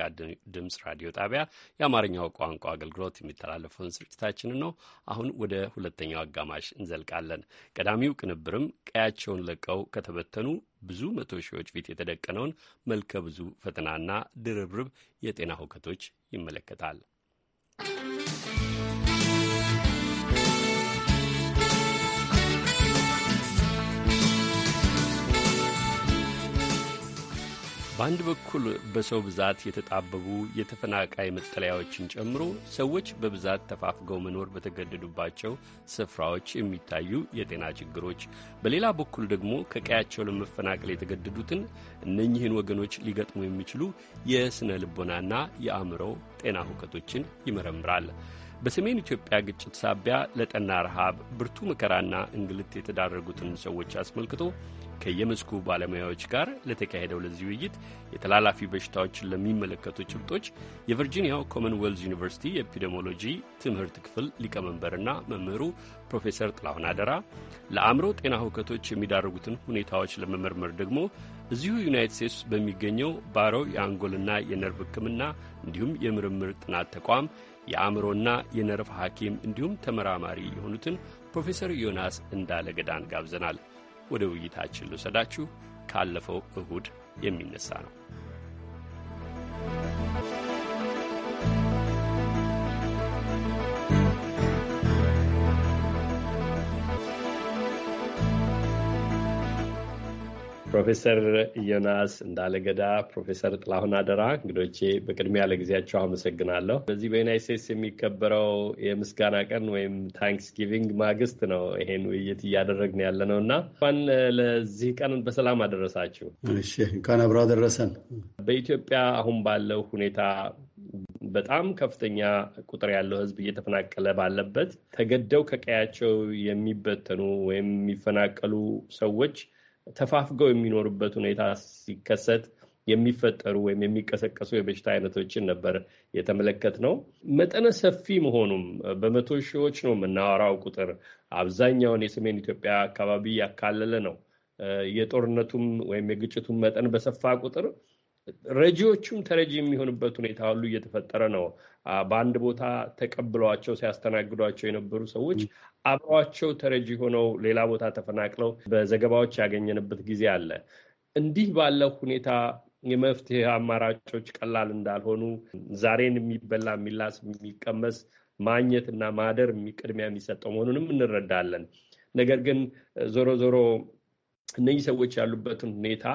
ድምፅ ራዲዮ ጣቢያ የአማርኛው ቋንቋ አገልግሎት የሚተላለፈውን ስርጭታችንን ነው። አሁን ወደ ሁለተኛው አጋማሽ እንዘልቃለን። ቀዳሚው ቅንብርም ቀያቸውን ለቀው ከተበተኑ ብዙ መቶ ሺዎች ፊት የተደቀነውን መልከ ብዙ ፈተናና ድርብርብ የጤና ሁከቶች ይመለከታል። በአንድ በኩል በሰው ብዛት የተጣበቡ የተፈናቃይ መጠለያዎችን ጨምሮ ሰዎች በብዛት ተፋፍገው መኖር በተገደዱባቸው ስፍራዎች የሚታዩ የጤና ችግሮች፣ በሌላ በኩል ደግሞ ከቀያቸው ለመፈናቀል የተገደዱትን እነኚህን ወገኖች ሊገጥሙ የሚችሉ የሥነ ልቦናና የአእምሮ ጤና ሁከቶችን ይመረምራል። በሰሜን ኢትዮጵያ ግጭት ሳቢያ ለጠና ረሃብ፣ ብርቱ መከራና እንግልት የተዳረጉትን ሰዎች አስመልክቶ ከየመስኩ ባለሙያዎች ጋር ለተካሄደው ለዚህ ውይይት የተላላፊ በሽታዎችን ለሚመለከቱ ጭብጦች የቨርጂኒያው ኮመንዌልዝ ዩኒቨርሲቲ የኤፒዴሞሎጂ ትምህርት ክፍል ሊቀመንበርና መምህሩ ፕሮፌሰር ጥላሁን አደራ ለአእምሮ ጤና ሁከቶች የሚዳርጉትን ሁኔታዎች ለመመርመር ደግሞ እዚሁ ዩናይት ስቴትስ በሚገኘው ባሮ የአንጎልና የነርቭ ሕክምና እንዲሁም የምርምር ጥናት ተቋም የአእምሮና የነርቭ ሐኪም እንዲሁም ተመራማሪ የሆኑትን ፕሮፌሰር ዮናስ እንዳለ ገዳን ጋብዘናል። ወደ ውይይታችን ልውሰዳችሁ። ካለፈው እሁድ የሚነሳ ነው። ፕሮፌሰር ዮናስ እንዳለገዳ፣ ፕሮፌሰር ጥላሁን አደራ እንግዶቼ በቅድሚያ ለጊዜያቸው አመሰግናለሁ። በዚህ በዩናይት ስቴትስ የሚከበረው የምስጋና ቀን ወይም ታንክስ ጊቪንግ ማግስት ነው ይሄን ውይይት እያደረግን ያለ ነው እና እንኳን ለዚህ ቀን በሰላም አደረሳችሁ። እሺ እንኳን አብሮ አደረሰን። በኢትዮጵያ አሁን ባለው ሁኔታ በጣም ከፍተኛ ቁጥር ያለው ሕዝብ እየተፈናቀለ ባለበት ተገደው ከቀያቸው የሚበተኑ ወይም የሚፈናቀሉ ሰዎች ተፋፍገው የሚኖሩበት ሁኔታ ሲከሰት የሚፈጠሩ ወይም የሚቀሰቀሱ የበሽታ አይነቶችን ነበር የተመለከት ነው። መጠነ ሰፊ መሆኑም በመቶ ሺዎች ነው የምናወራው ቁጥር አብዛኛውን የሰሜን ኢትዮጵያ አካባቢ ያካለለ ነው። የጦርነቱም ወይም የግጭቱም መጠን በሰፋ ቁጥር ረጂዎቹም ተረጂ የሚሆንበት ሁኔታ ሁሉ እየተፈጠረ ነው። በአንድ ቦታ ተቀብሏቸው ሲያስተናግዷቸው የነበሩ ሰዎች አብሯቸው ተረጂ ሆነው ሌላ ቦታ ተፈናቅለው በዘገባዎች ያገኘንበት ጊዜ አለ። እንዲህ ባለው ሁኔታ የመፍትሄ አማራጮች ቀላል እንዳልሆኑ ዛሬን የሚበላ የሚላስ፣ የሚቀመስ ማግኘት እና ማደር ቅድሚያ የሚሰጠው መሆኑንም እንረዳለን። ነገር ግን ዞሮ ዞሮ እነዚህ ሰዎች ያሉበትን ሁኔታ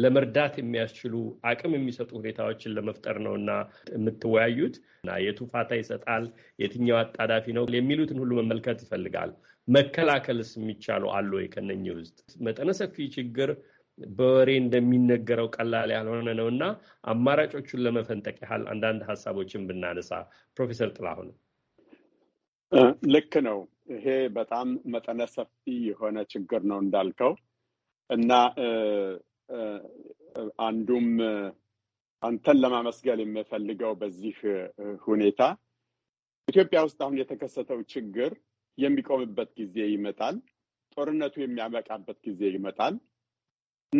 ለመርዳት የሚያስችሉ አቅም የሚሰጡ ሁኔታዎችን ለመፍጠር ነው እና የምትወያዩት እና የቱ ፋታ ይሰጣል፣ የትኛው አጣዳፊ ነው የሚሉትን ሁሉ መመልከት ይፈልጋል። መከላከልስ የሚቻሉ አሉ ወይ? ከነኚህ ውስጥ መጠነ ሰፊ ችግር በወሬ እንደሚነገረው ቀላል ያልሆነ ነው እና አማራጮቹን ለመፈንጠቅ ያህል አንዳንድ ሀሳቦችን ብናነሳ ፕሮፌሰር ጥላሁን ልክ ነው። ይሄ በጣም መጠነ ሰፊ የሆነ ችግር ነው እንዳልከው እና አንዱም አንተን ለማመስገን የምፈልገው በዚህ ሁኔታ ኢትዮጵያ ውስጥ አሁን የተከሰተው ችግር የሚቆምበት ጊዜ ይመጣል። ጦርነቱ የሚያበቃበት ጊዜ ይመጣል።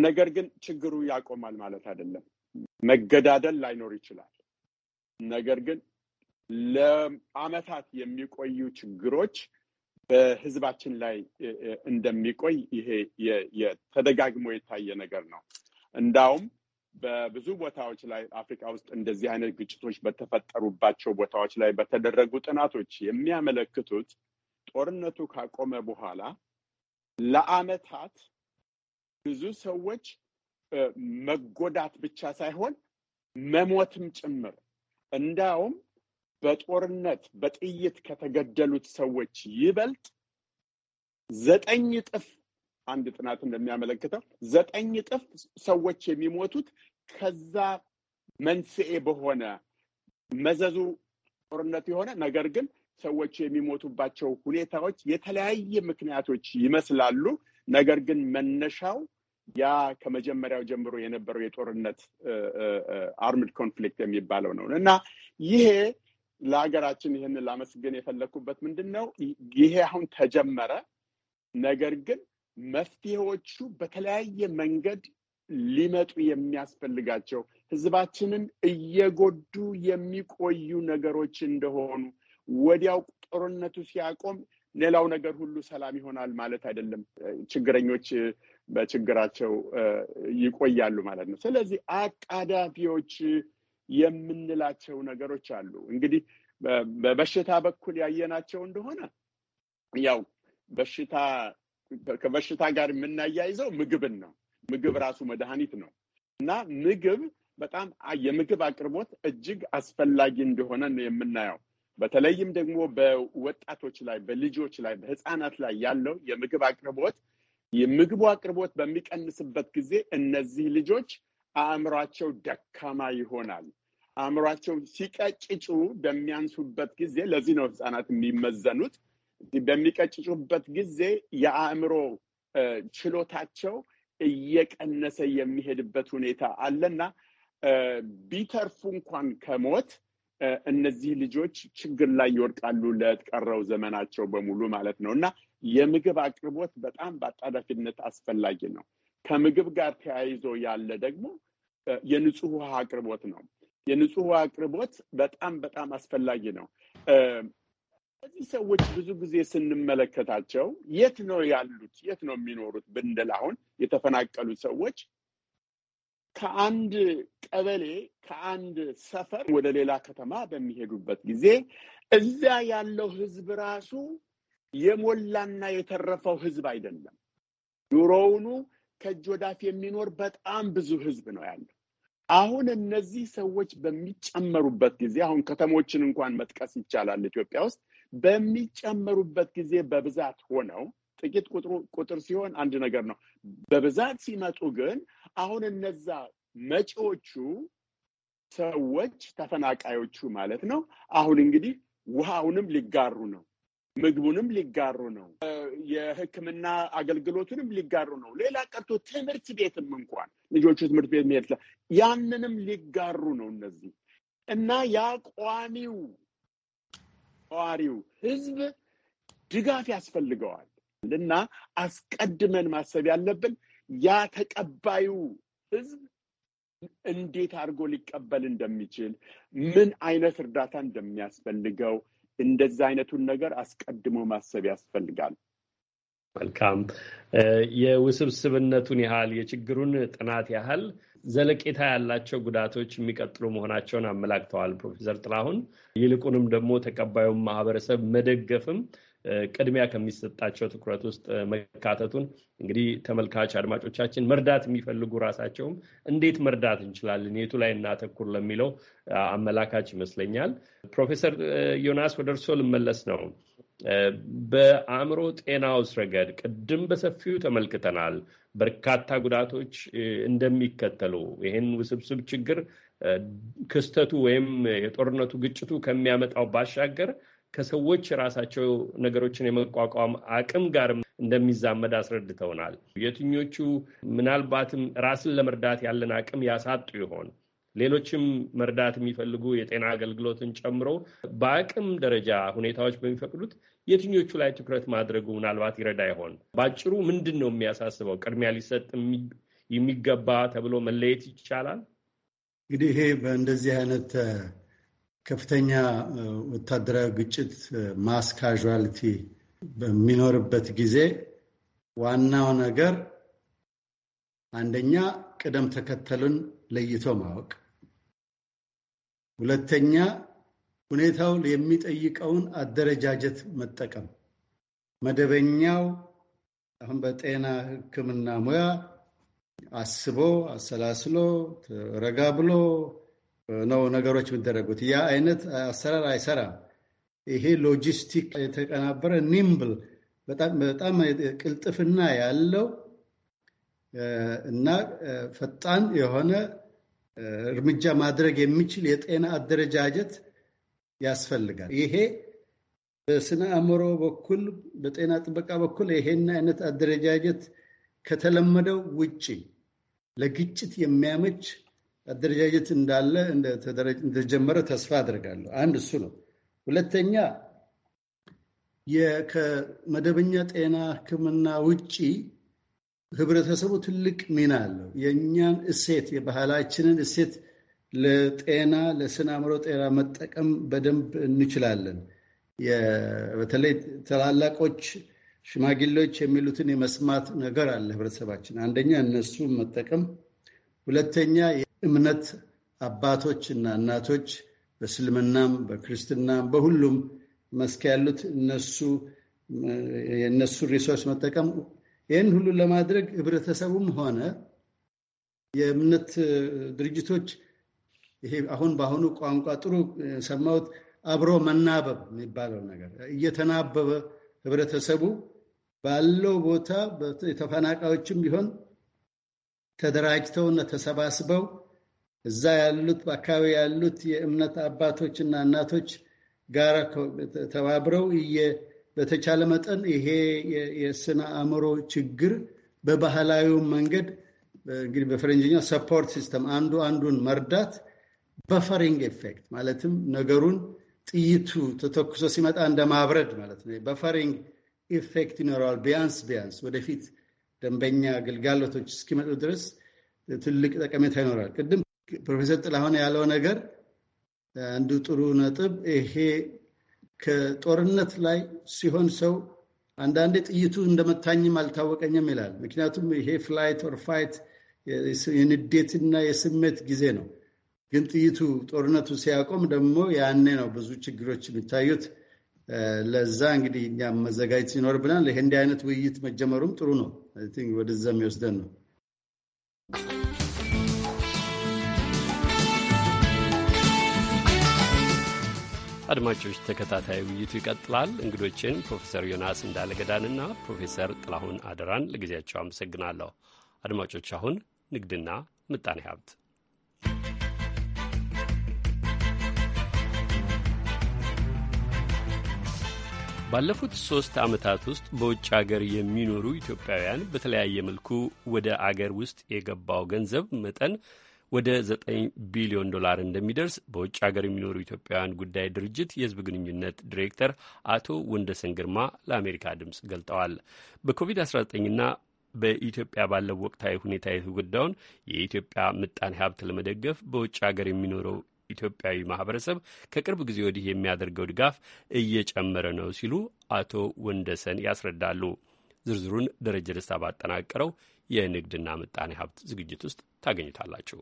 ነገር ግን ችግሩ ያቆማል ማለት አይደለም። መገዳደል ላይኖር ይችላል። ነገር ግን ለአመታት የሚቆዩ ችግሮች በህዝባችን ላይ እንደሚቆይ ይሄ ተደጋግሞ የታየ ነገር ነው። እንዳውም በብዙ ቦታዎች ላይ አፍሪካ ውስጥ እንደዚህ አይነት ግጭቶች በተፈጠሩባቸው ቦታዎች ላይ በተደረጉ ጥናቶች የሚያመለክቱት ጦርነቱ ካቆመ በኋላ ለአመታት ብዙ ሰዎች መጎዳት ብቻ ሳይሆን መሞትም ጭምር እንዳውም በጦርነት በጥይት ከተገደሉት ሰዎች ይበልጥ ዘጠኝ እጥፍ አንድ ጥናት እንደሚያመለክተው ዘጠኝ እጥፍ ሰዎች የሚሞቱት ከዛ መንስኤ በሆነ መዘዙ ጦርነት የሆነ ነገር ግን ሰዎች የሚሞቱባቸው ሁኔታዎች የተለያየ ምክንያቶች ይመስላሉ። ነገር ግን መነሻው ያ ከመጀመሪያው ጀምሮ የነበረው የጦርነት አርምድ ኮንፍሊክት የሚባለው ነው እና ይሄ ለሀገራችን ይህንን ላመስግን የፈለግኩበት ምንድን ነው፣ ይሄ አሁን ተጀመረ። ነገር ግን መፍትሄዎቹ በተለያየ መንገድ ሊመጡ የሚያስፈልጋቸው ህዝባችንን እየጎዱ የሚቆዩ ነገሮች እንደሆኑ ወዲያው ጦርነቱ ሲያቆም ሌላው ነገር ሁሉ ሰላም ይሆናል ማለት አይደለም። ችግረኞች በችግራቸው ይቆያሉ ማለት ነው። ስለዚህ አቃዳፊዎች የምንላቸው ነገሮች አሉ። እንግዲህ በበሽታ በኩል ያየናቸው እንደሆነ ያው በሽታ ከበሽታ ጋር የምናያይዘው ምግብን ነው። ምግብ ራሱ መድኃኒት ነው እና ምግብ በጣም የምግብ አቅርቦት እጅግ አስፈላጊ እንደሆነ የምናየው በተለይም ደግሞ በወጣቶች ላይ፣ በልጆች ላይ፣ በህፃናት ላይ ያለው የምግብ አቅርቦት የምግቡ አቅርቦት በሚቀንስበት ጊዜ እነዚህ ልጆች አእምሯቸው ደካማ ይሆናል። አእምሯቸው ሲቀጭጩ በሚያንሱበት ጊዜ ለዚህ ነው ህፃናት የሚመዘኑት። በሚቀጭጩበት ጊዜ የአእምሮ ችሎታቸው እየቀነሰ የሚሄድበት ሁኔታ አለና ቢተርፉ እንኳን ከሞት እነዚህ ልጆች ችግር ላይ ይወድቃሉ ለተቀረው ዘመናቸው በሙሉ ማለት ነው እና የምግብ አቅርቦት በጣም በአጣዳፊነት አስፈላጊ ነው። ከምግብ ጋር ተያይዞ ያለ ደግሞ የንጹህ ውሃ አቅርቦት ነው። የንጹህ ውሃ አቅርቦት በጣም በጣም አስፈላጊ ነው። እነዚህ ሰዎች ብዙ ጊዜ ስንመለከታቸው የት ነው ያሉት? የት ነው የሚኖሩት ብንድል አሁን የተፈናቀሉ ሰዎች ከአንድ ቀበሌ ከአንድ ሰፈር ወደ ሌላ ከተማ በሚሄዱበት ጊዜ እዚያ ያለው ህዝብ ራሱ የሞላና የተረፈው ህዝብ አይደለም። ኑሮውኑ ከእጅ ወዳፍ የሚኖር በጣም ብዙ ህዝብ ነው ያለው። አሁን እነዚህ ሰዎች በሚጨመሩበት ጊዜ አሁን ከተሞችን እንኳን መጥቀስ ይቻላል ኢትዮጵያ ውስጥ በሚጨመሩበት ጊዜ በብዛት ሆነው ጥቂት ቁጥር ሲሆን አንድ ነገር ነው። በብዛት ሲመጡ ግን አሁን እነዛ መጪዎቹ ሰዎች ተፈናቃዮቹ ማለት ነው አሁን እንግዲህ ውሃውንም ሊጋሩ ነው። ምግቡንም ሊጋሩ ነው፣ የሕክምና አገልግሎቱንም ሊጋሩ ነው። ሌላ ቀርቶ ትምህርት ቤትም እንኳን ልጆቹ ትምህርት ቤት መሄድ ያንንም ሊጋሩ ነው። እነዚህ እና ያ ቋሚው ቋሪው ሕዝብ ድጋፍ ያስፈልገዋል እና አስቀድመን ማሰብ ያለብን ያ ተቀባዩ ሕዝብ እንዴት አድርጎ ሊቀበል እንደሚችል ምን አይነት እርዳታ እንደሚያስፈልገው እንደዛ አይነቱን ነገር አስቀድሞ ማሰብ ያስፈልጋል። መልካም የውስብስብነቱን ያህል የችግሩን ጥናት ያህል ዘለቄታ ያላቸው ጉዳቶች የሚቀጥሉ መሆናቸውን አመላክተዋል ፕሮፌሰር ጥላሁን። ይልቁንም ደግሞ ተቀባዩን ማህበረሰብ መደገፍም ቅድሚያ ከሚሰጣቸው ትኩረት ውስጥ መካተቱን እንግዲህ ተመልካች አድማጮቻችን መርዳት የሚፈልጉ ራሳቸውም እንዴት መርዳት እንችላለን፣ የቱ ላይ እናተኩር ለሚለው አመላካች ይመስለኛል። ፕሮፌሰር ዮናስ ወደ እርሶ ልመለስ ነው። በአእምሮ ውስጥ ረገድ ቅድም በሰፊው ተመልክተናል። በርካታ ጉዳቶች እንደሚከተሉ ይህን ውስብስብ ችግር ክስተቱ ወይም የጦርነቱ ግጭቱ ከሚያመጣው ባሻገር ከሰዎች ራሳቸው ነገሮችን የመቋቋም አቅም ጋርም እንደሚዛመድ አስረድተውናል። የትኞቹ ምናልባትም ራስን ለመርዳት ያለን አቅም ያሳጡ ይሆን? ሌሎችም መርዳት የሚፈልጉ የጤና አገልግሎትን ጨምሮ በአቅም ደረጃ ሁኔታዎች በሚፈቅዱት የትኞቹ ላይ ትኩረት ማድረጉ ምናልባት ይረዳ ይሆን? በአጭሩ ምንድን ነው የሚያሳስበው? ቅድሚያ ሊሰጥ የሚገባ ተብሎ መለየት ይቻላል? እንግዲህ ይሄ በእንደዚህ አይነት ከፍተኛ ወታደራዊ ግጭት ማስ ካዥዋልቲ በሚኖርበት ጊዜ ዋናው ነገር አንደኛ ቅደም ተከተሉን ለይቶ ማወቅ፣ ሁለተኛ ሁኔታው የሚጠይቀውን አደረጃጀት መጠቀም። መደበኛው አሁን በጤና ሕክምና ሙያ አስቦ አሰላስሎ ረጋ ብሎ ነው ነገሮች የሚደረጉት። ያ አይነት አሰራር አይሰራም። ይሄ ሎጂስቲክ የተቀናበረ ኒምብል በጣም ቅልጥፍና ያለው እና ፈጣን የሆነ እርምጃ ማድረግ የሚችል የጤና አደረጃጀት ያስፈልጋል። ይሄ በስነ አእምሮ በኩል በጤና ጥበቃ በኩል ይሄን አይነት አደረጃጀት ከተለመደው ውጭ ለግጭት የሚያመች አደረጃጀት እንዳለ እንደተጀመረ ተስፋ አድርጋለሁ። አንድ እሱ ነው። ሁለተኛ ከመደበኛ ጤና ሕክምና ውጪ ህብረተሰቡ ትልቅ ሚና አለው። የእኛን እሴት የባህላችንን እሴት ለጤና ለስነ አእምሮ ጤና መጠቀም በደንብ እንችላለን። በተለይ ታላላቆች ሽማግሌዎች የሚሉትን የመስማት ነገር አለ ህብረተሰባችን። አንደኛ እነሱ መጠቀም፣ ሁለተኛ እምነት አባቶችና እናቶች በእስልምናም በክርስትናም በሁሉም መስክ ያሉት እነሱ ሪሶርስ መጠቀም ይህን ሁሉ ለማድረግ ህብረተሰቡም ሆነ የእምነት ድርጅቶች ይሄ አሁን በአሁኑ ቋንቋ ጥሩ ሰማሁት፣ አብሮ መናበብ የሚባለው ነገር እየተናበበ ህብረተሰቡ ባለው ቦታ የተፈናቃዮችም ቢሆን ተደራጅተውና ተሰባስበው እዛ ያሉት በአካባቢ ያሉት የእምነት አባቶች እና እናቶች ጋር ተባብረው በተቻለ መጠን ይሄ የስነ አእምሮ ችግር በባህላዊ መንገድ እንግዲህ በፈረንጅኛው ሰፖርት ሲስተም አንዱ አንዱን መርዳት በፈሪንግ ኤፌክት ማለትም ነገሩን ጥይቱ ተተኩሶ ሲመጣ እንደ ማብረድ ማለት ነው። በፈሪንግ ኢፌክት ይኖረዋል። ቢያንስ ቢያንስ ወደፊት ደንበኛ ግልጋሎቶች እስኪመጡ ድረስ ትልቅ ጠቀሜታ ይኖራል። ቅድም ፕሮፌሰር ጥላሁን ያለው ነገር አንዱ ጥሩ ነጥብ ይሄ ከጦርነት ላይ ሲሆን ሰው አንዳንዴ ጥይቱ እንደመታኝም አልታወቀኝም ይላል። ምክንያቱም ይሄ ፍላይት ኦር ፋይት የንዴትና የስሜት ጊዜ ነው። ግን ጥይቱ ጦርነቱ ሲያቆም ደግሞ ያኔ ነው ብዙ ችግሮች የሚታዩት። ለዛ እንግዲህ እኛም መዘጋጀት ይኖርብናል። ይሄ እንዲህ አይነት ውይይት መጀመሩም ጥሩ ነው። ወደዛ የሚወስደን ነው። አድማጮች ተከታታይ ውይይቱ ይቀጥላል። እንግዶችን ፕሮፌሰር ዮናስ እንዳለገዳንና ፕሮፌሰር ጥላሁን አደራን ለጊዜያቸው አመሰግናለሁ። አድማጮች አሁን ንግድና ምጣኔ ሀብት ባለፉት ሶስት ዓመታት ውስጥ በውጭ አገር የሚኖሩ ኢትዮጵያውያን በተለያየ መልኩ ወደ አገር ውስጥ የገባው ገንዘብ መጠን ወደ 9 ቢሊዮን ዶላር እንደሚደርስ በውጭ ሀገር የሚኖሩ ኢትዮጵያውያን ጉዳይ ድርጅት የህዝብ ግንኙነት ዲሬክተር አቶ ወንደሰን ግርማ ለአሜሪካ ድምፅ ገልጠዋል። በኮቪድ-19ና በኢትዮጵያ ባለው ወቅታዊ ሁኔታ የተጎዳውን የኢትዮጵያ ምጣኔ ሀብት ለመደገፍ በውጭ ሀገር የሚኖረው ኢትዮጵያዊ ማህበረሰብ ከቅርብ ጊዜ ወዲህ የሚያደርገው ድጋፍ እየጨመረ ነው ሲሉ አቶ ወንደሰን ያስረዳሉ። ዝርዝሩን ደረጀ ደስታ ባጠናቀረው የንግድና ምጣኔ ሀብት ዝግጅት ውስጥ ታገኙታላችሁ።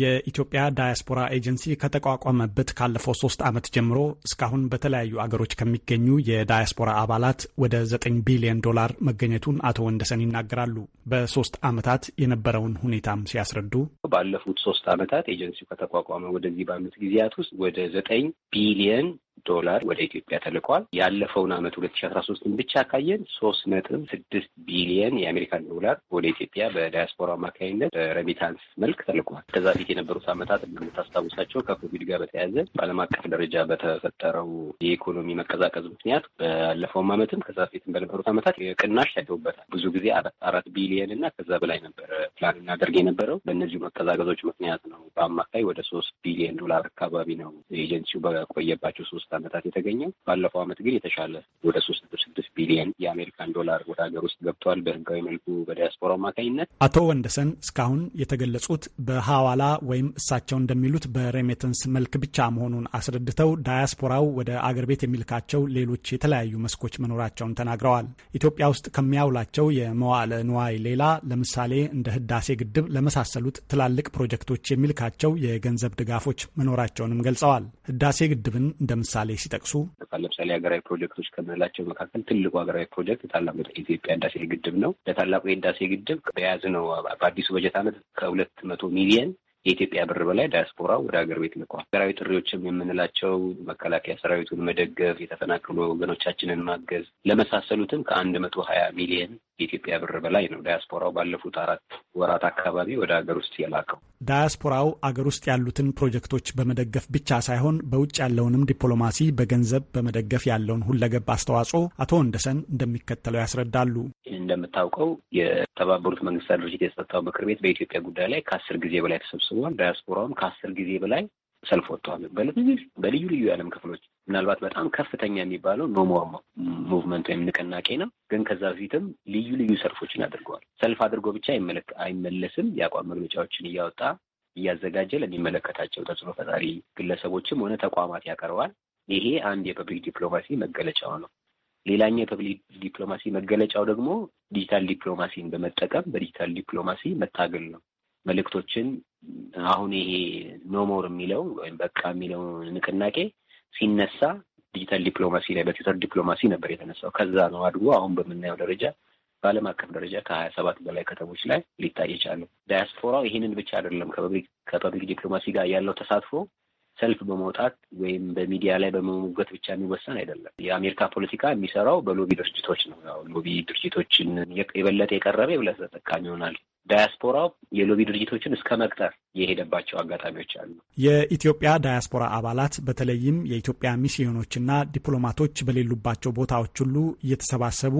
የኢትዮጵያ ዳያስፖራ ኤጀንሲ ከተቋቋመበት ካለፈው ሶስት ዓመት ጀምሮ እስካሁን በተለያዩ አገሮች ከሚገኙ የዳያስፖራ አባላት ወደ 9 ቢሊዮን ዶላር መገኘቱን አቶ ወንደሰን ይናገራሉ። በሶስት ዓመታት የነበረውን ሁኔታም ሲያስረዱ ባለፉት ሶስት ዓመታት ኤጀንሲው ከተቋቋመ ወደዚህ ባሉት ጊዜያት ውስጥ ወደ 9 ቢሊዮን ዶላር ወደ ኢትዮጵያ ተልኳል። ያለፈውን ዓመት ሁለት ሺ አስራ ሶስትን ብቻ ካየን ሶስት ነጥብ ስድስት ቢሊየን የአሜሪካን ዶላር ወደ ኢትዮጵያ በዳያስፖራ አማካኝነት በረሚታንስ መልክ ተልኳል። ከዛ ፊት የነበሩት ዓመታት እንደምታስታውሳቸው ከኮቪድ ጋር በተያያዘ በዓለም አቀፍ ደረጃ በተፈጠረው የኢኮኖሚ መቀዛቀዝ ምክንያት ባለፈውም ዓመትም ከዛ ፊትም በነበሩት ዓመታት ቅናሽ ታይተውበታል። ብዙ ጊዜ አራት ቢሊየን እና ከዛ በላይ ነበረ ፕላን እናደርግ የነበረው በእነዚሁ መቀዛቀዞች ምክንያት ነው። በአማካይ ወደ ሶስት ቢሊየን ዶላር አካባቢ ነው ኤጀንሲው በቆየባቸው ሶስት ሶስት ዓመታት የተገኘው። ባለፈው ዓመት ግን የተሻለ ወደ ሶስት ነጥብ ስድስት ቢሊየን የአሜሪካን ዶላር ወደ ሀገር ውስጥ ገብተዋል በህጋዊ መልኩ በዲያስፖራ አማካኝነት። አቶ ወንደሰን እስካሁን የተገለጹት በሀዋላ ወይም እሳቸው እንደሚሉት በሬሜተንስ መልክ ብቻ መሆኑን አስረድተው ዳያስፖራው ወደ አገር ቤት የሚልካቸው ሌሎች የተለያዩ መስኮች መኖራቸውን ተናግረዋል። ኢትዮጵያ ውስጥ ከሚያውላቸው የመዋለ ንዋይ ሌላ ለምሳሌ እንደ ህዳሴ ግድብ ለመሳሰሉት ትላልቅ ፕሮጀክቶች የሚልካቸው የገንዘብ ድጋፎች መኖራቸውንም ገልጸዋል። ህዳሴ ግድብን እንደ ምሳሌ ሲጠቅሱ ለምሳሌ ሀገራዊ ፕሮጀክቶች ከምንላቸው መካከል ትልቁ ሀገራዊ ፕሮጀክት ታላቁ የኢትዮጵያ ህዳሴ ግድብ ነው። ለታላቁ የህዳሴ ግድብ በያዝነው በአዲሱ በጀት ዓመት ከሁለት መቶ ሚሊየን የኢትዮጵያ ብር በላይ ዳያስፖራ ወደ ሀገር ቤት ልኳል። ሀገራዊ ጥሪዎችም የምንላቸው መከላከያ ሰራዊቱን መደገፍ፣ የተፈናቀሉ ወገኖቻችንን ማገዝ ለመሳሰሉትም ከአንድ መቶ ሀያ ሚሊየን የኢትዮጵያ ብር በላይ ነው ዳያስፖራው ባለፉት አራት ወራት አካባቢ ወደ ሀገር ውስጥ የላከው። ዳያስፖራው አገር ውስጥ ያሉትን ፕሮጀክቶች በመደገፍ ብቻ ሳይሆን በውጭ ያለውንም ዲፕሎማሲ በገንዘብ በመደገፍ ያለውን ሁለገብ አስተዋጽኦ አቶ ወንደሰን እንደሚከተለው ያስረዳሉ። እንደምታውቀው የተባበሩት መንግስታት ድርጅት የጸጥታው ምክር ቤት በኢትዮጵያ ጉዳይ ላይ ከአስር ጊዜ በላይ ተሰብስቧል። ዳያስፖራውም ከአስር ጊዜ በላይ ሰልፍ ወጥተዋል። በልዩ ልዩ የዓለም ክፍሎች ምናልባት በጣም ከፍተኛ የሚባለው ኖሞ ሙቭመንት ወይም ንቅናቄ ነው። ግን ከዛ በፊትም ልዩ ልዩ ሰልፎችን አድርገዋል። ሰልፍ አድርጎ ብቻ አይመለስም። የአቋም መግለጫዎችን እያወጣ እያዘጋጀ ለሚመለከታቸው ተጽዕኖ ፈጣሪ ግለሰቦችም ሆነ ተቋማት ያቀርባል። ይሄ አንድ የፐብሊክ ዲፕሎማሲ መገለጫው ነው። ሌላኛው የፐብሊክ ዲፕሎማሲ መገለጫው ደግሞ ዲጂታል ዲፕሎማሲን በመጠቀም በዲጂታል ዲፕሎማሲ መታገል ነው። መልእክቶችን አሁን ይሄ ኖሞር የሚለው ወይም በቃ የሚለው ንቅናቄ ሲነሳ ዲጂታል ዲፕሎማሲ ላይ በትዊተር ዲፕሎማሲ ነበር የተነሳው። ከዛ ነው አድጎ አሁን በምናየው ደረጃ በዓለም አቀፍ ደረጃ ከሀያ ሰባት በላይ ከተሞች ላይ ሊታይ ይቻሉ። ዳያስፖራው ይህንን ብቻ አይደለም ከፐብሊክ ዲፕሎማሲ ጋር ያለው ተሳትፎ ሰልፍ በመውጣት ወይም በሚዲያ ላይ በመሞገት ብቻ የሚወሰን አይደለም። የአሜሪካ ፖለቲካ የሚሰራው በሎቢ ድርጅቶች ነው። ያው ሎቢ ድርጅቶችን የበለጠ የቀረበ የበለጠ ተጠቃሚ ይሆናል። ዳያስፖራው የሎቢ ድርጅቶችን እስከ መቅጠር የሄደባቸው አጋጣሚዎች አሉ። የኢትዮጵያ ዳያስፖራ አባላት በተለይም የኢትዮጵያ ሚስዮኖችና ዲፕሎማቶች በሌሉባቸው ቦታዎች ሁሉ እየተሰባሰቡ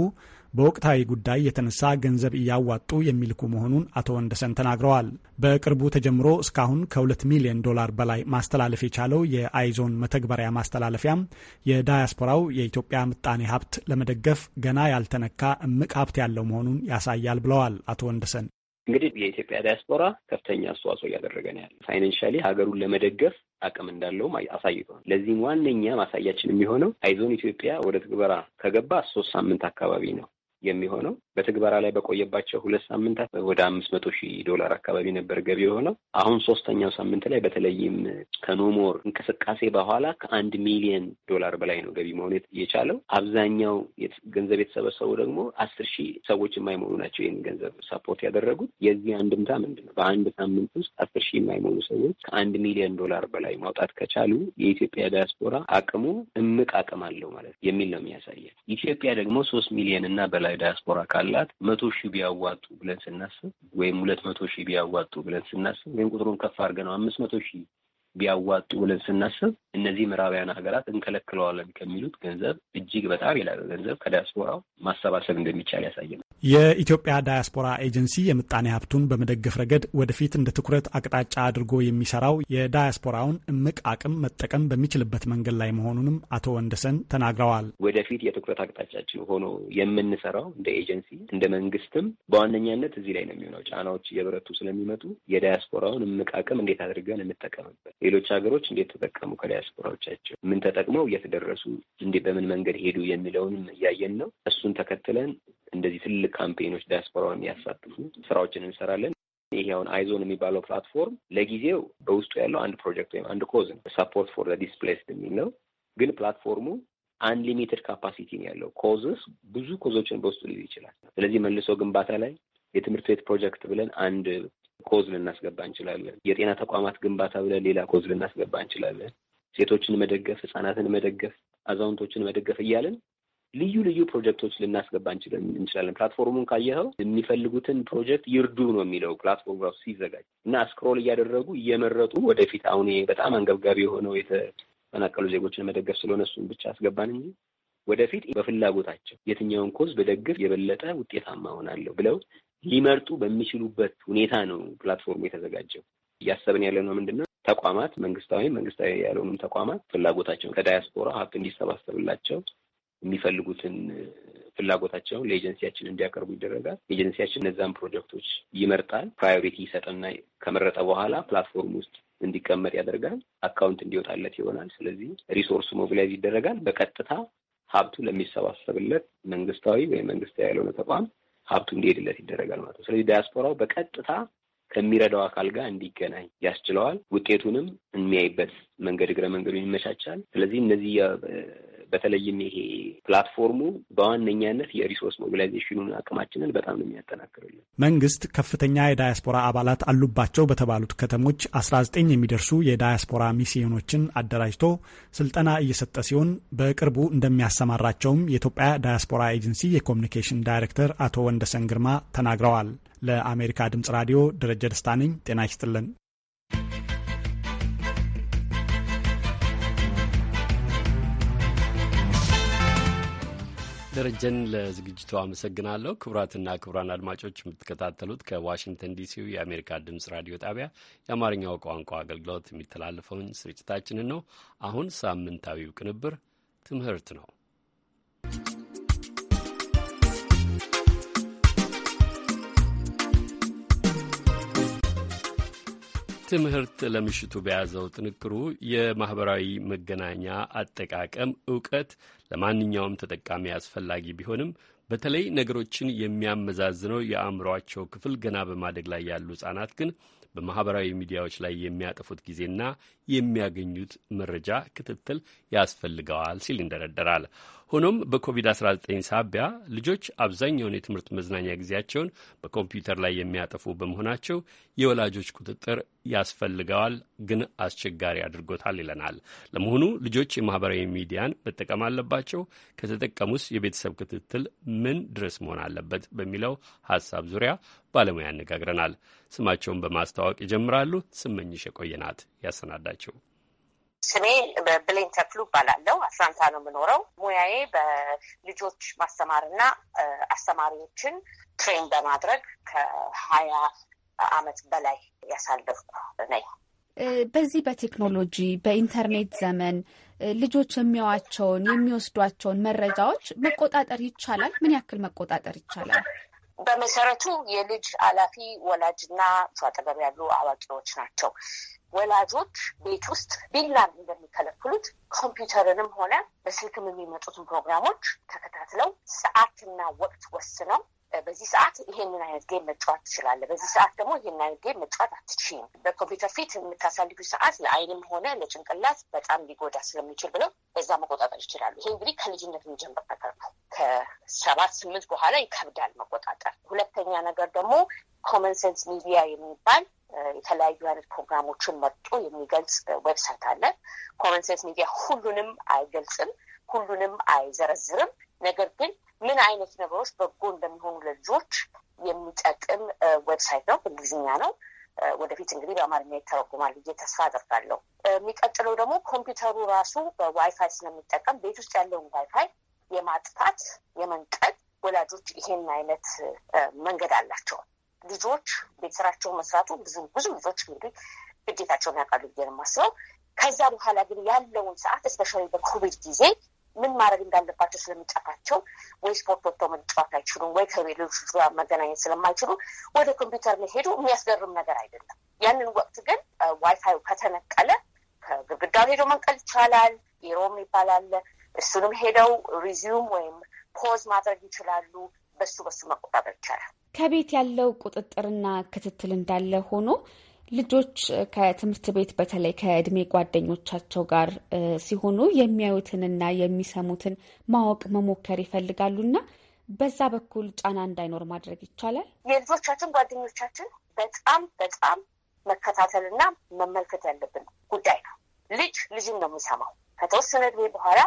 በወቅታዊ ጉዳይ የተነሳ ገንዘብ እያዋጡ የሚልኩ መሆኑን አቶ ወንደሰን ተናግረዋል። በቅርቡ ተጀምሮ እስካሁን ከ2 ሚሊዮን ዶላር በላይ ማስተላለፍ የቻለው የአይዞን መተግበሪያ ማስተላለፊያም የዳያስፖራው የኢትዮጵያ ምጣኔ ሀብት ለመደገፍ ገና ያልተነካ እምቅ ሀብት ያለው መሆኑን ያሳያል ብለዋል አቶ ወንደሰን። እንግዲህ የኢትዮጵያ ዲያስፖራ ከፍተኛ አስተዋጽኦ እያደረገ ነው ያለ ፋይናንሻሊ ሀገሩን ለመደገፍ አቅም እንዳለውም አሳይቷል። ለዚህም ዋነኛ ማሳያችን የሚሆነው አይዞን ኢትዮጵያ ወደ ትግበራ ከገባ ሶስት ሳምንት አካባቢ ነው። Y él dijo, no, በትግበራ ላይ በቆየባቸው ሁለት ሳምንታት ወደ አምስት መቶ ሺህ ዶላር አካባቢ ነበር ገቢ የሆነው። አሁን ሶስተኛው ሳምንት ላይ በተለይም ከኖሞር እንቅስቃሴ በኋላ ከአንድ ሚሊየን ዶላር በላይ ነው ገቢ መሆን የቻለው። አብዛኛው ገንዘብ የተሰበሰቡ ደግሞ አስር ሺህ ሰዎች የማይሞሉ ናቸው ይህን ገንዘብ ሰፖርት ያደረጉት። የዚህ አንድምታ ምንድን ነው? በአንድ ሳምንት ውስጥ አስር ሺህ የማይሞሉ ሰዎች ከአንድ ሚሊዮን ዶላር በላይ ማውጣት ከቻሉ የኢትዮጵያ ዲያስፖራ አቅሙ እምቅ አቅም አለው ማለት የሚል ነው የሚያሳየን። ኢትዮጵያ ደግሞ ሶስት ሚሊየን እና በላይ ዲያስፖራ ካላት መቶ ሺህ ቢያዋጡ ብለን ስናስብ ወይም ሁለት መቶ ሺህ ቢያዋጡ ብለን ስናስብ ወይም ቁጥሩን ከፍ አድርገ ነው አምስት መቶ ሺህ ቢያዋጡ ብለን ስናስብ እነዚህ ምዕራባውያን ሀገራት እንከለክለዋለን ከሚሉት ገንዘብ እጅግ በጣም የላቀ ገንዘብ ከዲያስፖራው ማሰባሰብ እንደሚቻል ነው። የኢትዮጵያ ዳያስፖራ ኤጀንሲ የምጣኔ ሀብቱን በመደገፍ ረገድ ወደፊት እንደ ትኩረት አቅጣጫ አድርጎ የሚሰራው የዳያስፖራውን እምቅ አቅም መጠቀም በሚችልበት መንገድ ላይ መሆኑንም አቶ ወንደሰን ተናግረዋል። ወደፊት የትኩረት አቅጣጫችን ሆኖ የምንሰራው እንደ ኤጀንሲ እንደ መንግስትም በዋነኛነት እዚህ ላይ ነው የሚሆነው። ጫናዎች እየበረቱ ስለሚመጡ የዳያስፖራውን እምቅ አቅም እንዴት አድርገን እንጠቀምበት ሌሎች ሀገሮች እንዴት ተጠቀሙ፣ ከዲያስፖራዎቻቸው ምን ተጠቅመው እየተደረሱ እንዴ በምን መንገድ ሄዱ የሚለውንም እያየን ነው። እሱን ተከትለን እንደዚህ ትልቅ ካምፔኖች ዲያስፖራውን የሚያሳትፉ ስራዎችን እንሰራለን። ይሄ አሁን አይዞን የሚባለው ፕላትፎርም ለጊዜው በውስጡ ያለው አንድ ፕሮጀክት ወይም አንድ ኮዝ ነው፣ ሰፖርት ፎር ዲስፕሌስድ የሚል ነው። ግን ፕላትፎርሙ አንሊሚትድ ካፓሲቲ ነው ያለው። ኮዝስ ብዙ ኮዞችን በውስጡ ሊይዝ ይችላል። ስለዚህ መልሶ ግንባታ ላይ የትምህርት ቤት ፕሮጀክት ብለን አንድ ኮዝ ልናስገባ እንችላለን። የጤና ተቋማት ግንባታ ብለን ሌላ ኮዝ ልናስገባ እንችላለን። ሴቶችን መደገፍ፣ ህጻናትን መደገፍ፣ አዛውንቶችን መደገፍ እያለን ልዩ ልዩ ፕሮጀክቶች ልናስገባ እንችላለን። ፕላትፎርሙን ካየኸው የሚፈልጉትን ፕሮጀክት ይርዱ ነው የሚለው ፕላትፎርም ራሱ ሲዘጋጅ እና ስክሮል እያደረጉ እየመረጡ ወደፊት አሁን በጣም አንገብጋቢ የሆነው የተፈናቀሉ ዜጎችን መደገፍ ስለሆነ እሱን ብቻ አስገባን እንጂ ወደፊት በፍላጎታቸው የትኛውን ኮዝ በደግፍ የበለጠ ውጤታማ ሆናለሁ ብለው ሊመርጡ በሚችሉበት ሁኔታ ነው ፕላትፎርሙ የተዘጋጀው። እያሰብን ያለ ነው ምንድነው ተቋማት መንግስታዊ መንግስታዊ ያልሆኑም ተቋማት ፍላጎታቸውን ከዳያስፖራ ሀብት እንዲሰባሰብላቸው የሚፈልጉትን ፍላጎታቸውን ለኤጀንሲያችን እንዲያቀርቡ ይደረጋል። ኤጀንሲያችን እነዛን ፕሮጀክቶች ይመርጣል፣ ፕራዮሪቲ ይሰጥና ከመረጠ በኋላ ፕላትፎርም ውስጥ እንዲቀመጥ ያደርጋል። አካውንት እንዲወጣለት ይሆናል። ስለዚህ ሪሶርሱ ሞቢላይዝ ይደረጋል። በቀጥታ ሀብቱ ለሚሰባሰብለት መንግስታዊ ወይም መንግስታዊ ያልሆነ ተቋም ሀብቱ እንዲሄድለት ይደረጋል ማለት ነው። ስለዚህ ዲያስፖራው በቀጥታ ከሚረዳው አካል ጋር እንዲገናኝ ያስችለዋል። ውጤቱንም የሚያይበት መንገድ እግረ መንገዱን ይመቻቻል። ስለዚህ እነዚህ በተለይም ይሄ ፕላትፎርሙ በዋነኛነት የሪሶርስ ሞቢላይዜሽኑን አቅማችንን በጣም ነው የሚያጠናክርልን። መንግስት ከፍተኛ የዳያስፖራ አባላት አሉባቸው በተባሉት ከተሞች አስራ ዘጠኝ የሚደርሱ የዳያስፖራ ሚስዮኖችን አደራጅቶ ስልጠና እየሰጠ ሲሆን በቅርቡ እንደሚያሰማራቸውም የኢትዮጵያ ዳያስፖራ ኤጀንሲ የኮሚኒኬሽን ዳይሬክተር አቶ ወንደሰን ግርማ ተናግረዋል። ለአሜሪካ ድምጽ ራዲዮ ደረጀ ደስታ ነኝ። ጤና ይስጥልን። ደረጀን ለዝግጅቱ አመሰግናለሁ። ክቡራትና ክቡራን አድማጮች የምትከታተሉት ከዋሽንግተን ዲሲው የአሜሪካ ድምፅ ራዲዮ ጣቢያ የአማርኛው ቋንቋ አገልግሎት የሚተላለፈውን ስርጭታችንን ነው። አሁን ሳምንታዊው ቅንብር ትምህርት ነው። ትምህርት ለምሽቱ በያዘው ጥንቅሩ የማኅበራዊ መገናኛ አጠቃቀም እውቀት ለማንኛውም ተጠቃሚ አስፈላጊ ቢሆንም በተለይ ነገሮችን የሚያመዛዝነው የአእምሯቸው ክፍል ገና በማደግ ላይ ያሉ ሕፃናት ግን በማኅበራዊ ሚዲያዎች ላይ የሚያጠፉት ጊዜና የሚያገኙት መረጃ ክትትል ያስፈልገዋል ሲል ይንደረደራል። ሆኖም በኮቪድ-19 ሳቢያ ልጆች አብዛኛውን የትምህርት መዝናኛ ጊዜያቸውን በኮምፒውተር ላይ የሚያጠፉ በመሆናቸው የወላጆች ቁጥጥር ያስፈልገዋል፣ ግን አስቸጋሪ አድርጎታል ይለናል። ለመሆኑ ልጆች የማህበራዊ ሚዲያን መጠቀም አለባቸው? ከተጠቀሙስ የቤተሰብ ክትትል ምን ድረስ መሆን አለበት? በሚለው ሀሳብ ዙሪያ ባለሙያ ያነጋግረናል። ስማቸውን በማስተዋወቅ ይጀምራሉ። ስመኝሽ የቆየናት ያሰናዳል። ናቸው። ስሜ በብሌን ተክሉ እባላለሁ። አትላንታ ነው የምኖረው። ሙያዬ በልጆች ማስተማርና አስተማሪዎችን ትሬን በማድረግ ከሀያ አመት በላይ ያሳለፍኩ ነኝ። በዚህ በቴክኖሎጂ በኢንተርኔት ዘመን ልጆች የሚያዋቸውን የሚወስዷቸውን መረጃዎች መቆጣጠር ይቻላል? ምን ያክል መቆጣጠር ይቻላል? በመሰረቱ የልጅ አላፊ ወላጅና አጠገብ ያሉ አዋቂዎች ናቸው። ወላጆች ቤት ውስጥ ቢላም እንደሚከለክሉት ኮምፒውተርንም ሆነ በስልክም የሚመጡትን ፕሮግራሞች ተከታትለው ሰዓትና ወቅት ወስነው በዚህ ሰዓት ይሄንን አይነት ጌም መጫወት ትችላለ፣ በዚህ ሰዓት ደግሞ ይሄን አይነት ጌም መጫወት አትችም፣ በኮምፒውተር ፊት የምታሳልፊ ሰዓት ለአይንም ሆነ ለጭንቅላት በጣም ሊጎዳ ስለሚችል ብለው በዛ መቆጣጠር ይችላሉ። ይሄ እንግዲህ ከልጅነት የሚጀምር ነገር ነው። ከሰባት ስምንት በኋላ ይከብዳል መቆጣጠር። ሁለተኛ ነገር ደግሞ ኮመን ሴንስ ሚዲያ የሚባል የተለያዩ አይነት ፕሮግራሞችን መርጦ የሚገልጽ ዌብሳይት አለ። ኮመን ሴንስ ሚዲያ ሁሉንም አይገልጽም፣ ሁሉንም አይዘረዝርም። ነገር ግን ምን አይነት ነገሮች በጎ እንደሚሆኑ ለልጆች የሚጠቅም ዌብሳይት ነው። እንግሊዝኛ ነው። ወደፊት እንግዲህ በአማርኛ ይተረጉማል ብዬ ተስፋ አደርጋለሁ። የሚቀጥለው ደግሞ ኮምፒውተሩ ራሱ በዋይፋይ ስለሚጠቀም ቤት ውስጥ ያለውን ዋይፋይ የማጥፋት የመንቀል ወላጆች ይሄን አይነት መንገድ አላቸው። ልጆች ቤት መስራቱ ብዙ ብዙ ልጆች እንግዲህ ግዴታቸውን ያውቃሉ ብዬ ነው የማስበው። ከዛ በኋላ ግን ያለውን ሰዓት እስፔሻሊ በኮቪድ ጊዜ ምን ማድረግ እንዳለባቸው ስለሚጠፋቸው ወይ ስፖርት ወጥተው መጫወት አይችሉም፣ ወይ ከሌሎች ጋር መገናኘት ስለማይችሉ ወደ ኮምፒውተር መሄዱ የሚያስገርም ነገር አይደለም። ያንን ወቅት ግን ዋይፋዩ ከተነቀለ ከግድግዳው ሄዶ መንቀል ይቻላል። የሮም ይባላል። እሱንም ሄደው ሪዚዩም ወይም ፖዝ ማድረግ ይችላሉ። በሱ በሱ መቆጣጠር ይቻላል። ከቤት ያለው ቁጥጥርና ክትትል እንዳለ ሆኖ ልጆች ከትምህርት ቤት በተለይ ከእድሜ ጓደኞቻቸው ጋር ሲሆኑ የሚያዩትንና የሚሰሙትን ማወቅ መሞከር ይፈልጋሉና በዛ በኩል ጫና እንዳይኖር ማድረግ ይቻላል። የልጆቻችን ጓደኞቻችን በጣም በጣም መከታተልና መመልከት ያለብን ጉዳይ ነው። ልጅ ልጅን ነው የሚሰማው። ከተወሰነ እድሜ በኋላ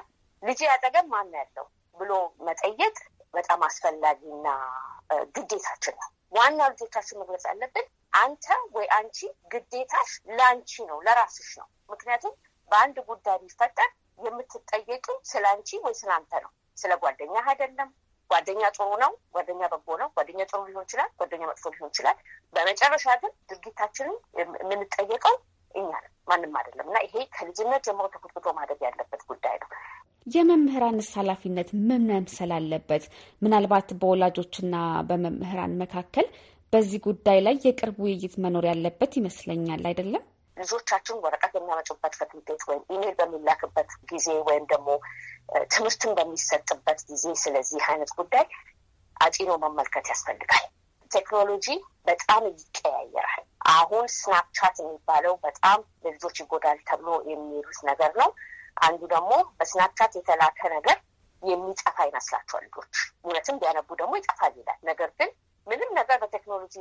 ልጅ ያጠገብ ማን ያለው ብሎ መጠየቅ በጣም አስፈላጊና ግዴታችን ነው። ዋና ልጆቻችን መግለጽ ያለብን አንተ ወይ አንቺ ግዴታሽ ለአንቺ ነው፣ ለራስሽ ነው። ምክንያቱም በአንድ ጉዳይ ቢፈጠር የምትጠየቂው ስለ አንቺ ወይ ስለ አንተ ነው፣ ስለ ጓደኛ አይደለም። ጓደኛ ጥሩ ነው፣ ጓደኛ በጎ ነው፣ ጓደኛ ጥሩ ሊሆን ይችላል፣ ጓደኛ መጥፎ ሊሆን ይችላል። በመጨረሻ ግን ድርጊታችንን የምንጠየቀው እኛ ነን፣ ማንም አይደለም። እና ይሄ ከልጅነት ጀምሮ ተኮትኩቶ ማደግ ያለበት ጉዳይ ነው። የመምህራንስ ኃላፊነት ምን መምሰል አለበት? ምናልባት በወላጆችና በመምህራን መካከል በዚህ ጉዳይ ላይ የቅርብ ውይይት መኖር ያለበት ይመስለኛል። አይደለም? ልጆቻችን ወረቀት በሚያመጡበት ከትምህርት ቤት ወይም ኢሜል በሚላክበት ጊዜ ወይም ደግሞ ትምህርትን በሚሰጥበት ጊዜ ስለዚህ አይነት ጉዳይ አጢኖ መመልከት ያስፈልጋል። ቴክኖሎጂ በጣም ይቀያየራል። አሁን ስናፕቻት የሚባለው በጣም ለልጆች ይጎዳል ተብሎ የሚሉት ነገር ነው። አንዱ ደግሞ በስናፕቻት የተላከ ነገር የሚጠፋ ይመስላቸዋል ልጆች። እውነትም ቢያነቡ ደግሞ ይጠፋል ይላል። ነገር ግን ምንም ነገር በቴክኖሎጂ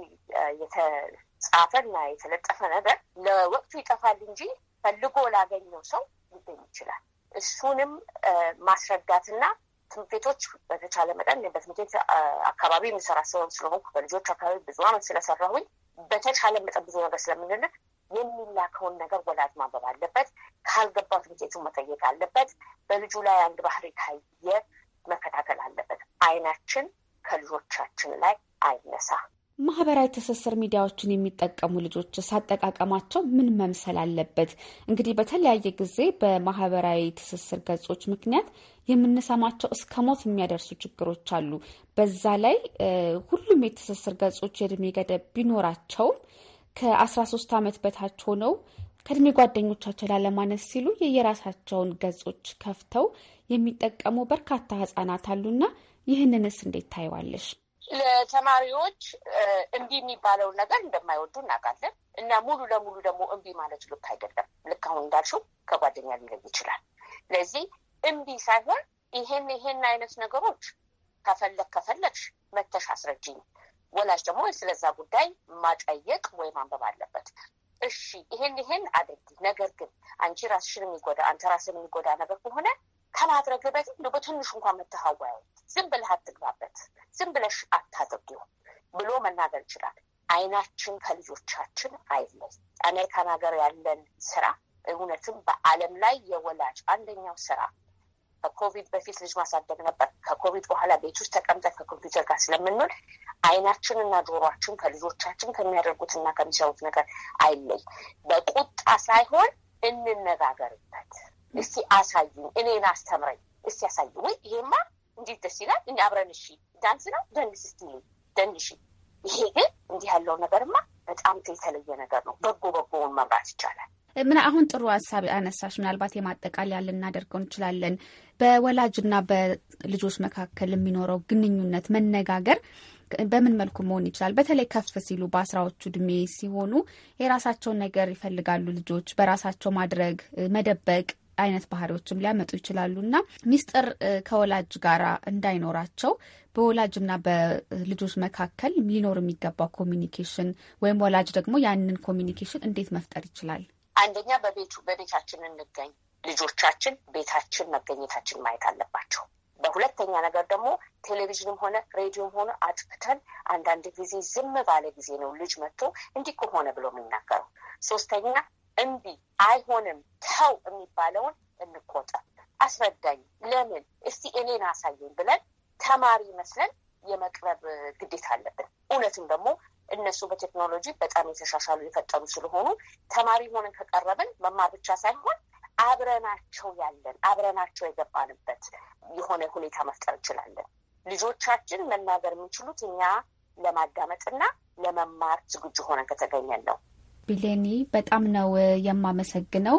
የተጻፈ የተጻፈና የተለጠፈ ነገር ለወቅቱ ይጠፋል እንጂ ፈልጎ ላገኘው ሰው ሊገኝ ይችላል። እሱንም ማስረዳትና ትምህርት ቤቶች በተቻለ መጠን በትምህርት አካባቢ የምሰራ ሰው ስለሆንኩ በልጆች አካባቢ ብዙ አመት ስለሰራሁኝ በተቻለ መጠን ብዙ ነገር ስለምንልክ የሚላከውን ነገር ወላጅ ማንበብ አለበት። ካልገባት ውጤቱን መጠየቅ አለበት። በልጁ ላይ አንድ ባህሪ ካየ መከታተል አለበት። አይናችን ከልጆቻችን ላይ አይነሳ። ማህበራዊ ትስስር ሚዲያዎችን የሚጠቀሙ ልጆች ሳጠቃቀማቸው ምን መምሰል አለበት? እንግዲህ በተለያየ ጊዜ በማህበራዊ ትስስር ገጾች ምክንያት የምንሰማቸው እስከ ሞት የሚያደርሱ ችግሮች አሉ። በዛ ላይ ሁሉም የትስስር ገጾች የእድሜ ገደብ ቢኖራቸውም ከ13 ዓመት በታች ሆነው ከእድሜ ጓደኞቻቸው ላለማነስ ሲሉ የየራሳቸውን ገጾች ከፍተው የሚጠቀሙ በርካታ ህጻናት አሉና ይህንንስ እንዴት ታይዋለሽ? ለተማሪዎች እምቢ የሚባለውን ነገር እንደማይወዱ እናውቃለን እና ሙሉ ለሙሉ ደግሞ እምቢ ማለት ልክ አይደለም። ልክ አሁን እንዳልሽው ከጓደኛ ሊለይ ይችላል። ለዚህ እምቢ ሳይሆን ይሄን ይሄን አይነት ነገሮች ከፈለግ ከፈለግሽ መተሽ አስረጅኝ፣ ወላጅ ደግሞ ስለዛ ጉዳይ ማጠየቅ ወይ ማንበብ አለበት። እሺ ይሄን ይሄን አድርጊ፣ ነገር ግን አንቺ ራስሽን የሚጎዳ አንተ ራስን የሚጎዳ ነገር ከሆነ ከማድረግ በፊት እንደ በትንሹ እንኳን መተሃዋያ ዝም ብለህ አትግባበት፣ ዝም ብለሽ አታድርጊው ብሎ መናገር ይችላል። አይናችን ከልጆቻችን አይለይ። አሜሪካን ሀገር ያለን ስራ እውነትም በዓለም ላይ የወላጅ አንደኛው ስራ ከኮቪድ በፊት ልጅ ማሳደግ ነበር። ከኮቪድ በኋላ ቤት ውስጥ ተቀምጠን ከኮምፒውተር ጋር ስለምንል አይናችን እና ጆሯችን ከልጆቻችን ከሚያደርጉትና ከሚሰሩት ነገር አይለይ። በቁጣ ሳይሆን እንነጋገርበት። እስቲ አሳዩኝ፣ እኔን አስተምረኝ፣ እስቲ አሳዩ። ወይ ይሄማ እንዴት ደስ ይላል! እኔ አብረን እሺ፣ ዳንስ ነው ደንስ፣ እስቲ ደንሽ። ይሄ ግን እንዲህ ያለው ነገርማ በጣም የተለየ ነገር ነው። በጎ በጎውን መምራት ይቻላል። ምን አሁን ጥሩ ሀሳብ አነሳሽ። ምናልባት የማጠቃለያ ልናደርገው እንችላለን። በወላጅና በልጆች መካከል የሚኖረው ግንኙነት መነጋገር በምን መልኩ መሆን ይችላል? በተለይ ከፍ ሲሉ በአስራዎቹ እድሜ ሲሆኑ የራሳቸውን ነገር ይፈልጋሉ ልጆች በራሳቸው ማድረግ መደበቅ አይነት ባህሪዎችም ሊያመጡ ይችላሉ እና ሚስጥር ከወላጅ ጋር እንዳይኖራቸው በወላጅና በልጆች መካከል ሊኖር የሚገባው ኮሚኒኬሽን ወይም ወላጅ ደግሞ ያንን ኮሚኒኬሽን እንዴት መፍጠር ይችላል? አንደኛ በቤቱ በቤታችን እንገኝ ልጆቻችን ቤታችን መገኘታችን ማየት አለባቸው። በሁለተኛ ነገር ደግሞ ቴሌቪዥንም ሆነ ሬዲዮም ሆነ አጥፍተን አንዳንድ ጊዜ ዝም ባለ ጊዜ ነው ልጅ መጥቶ እንዲህ ከሆነ ሆነ ብሎ የሚናገረው። ሶስተኛ እምቢ፣ አይሆንም፣ ተው የሚባለውን እንቆጠር። አስረዳኝ፣ ለምን እስቲ እኔን አሳየኝ ብለን ተማሪ መስለን የመቅረብ ግዴታ አለብን። እውነትም ደግሞ እነሱ በቴክኖሎጂ በጣም የተሻሻሉ የፈጠሩ ስለሆኑ ተማሪ ሆነን ከቀረብን መማር ብቻ ሳይሆን አብረናቸው ያለን አብረናቸው የገባንበት የሆነ ሁኔታ መፍጠር እንችላለን። ልጆቻችን መናገር የሚችሉት እኛ ለማዳመጥና ለመማር ዝግጁ ሆነን ከተገኘን ነው። ቢሌኒ በጣም ነው የማመሰግነው።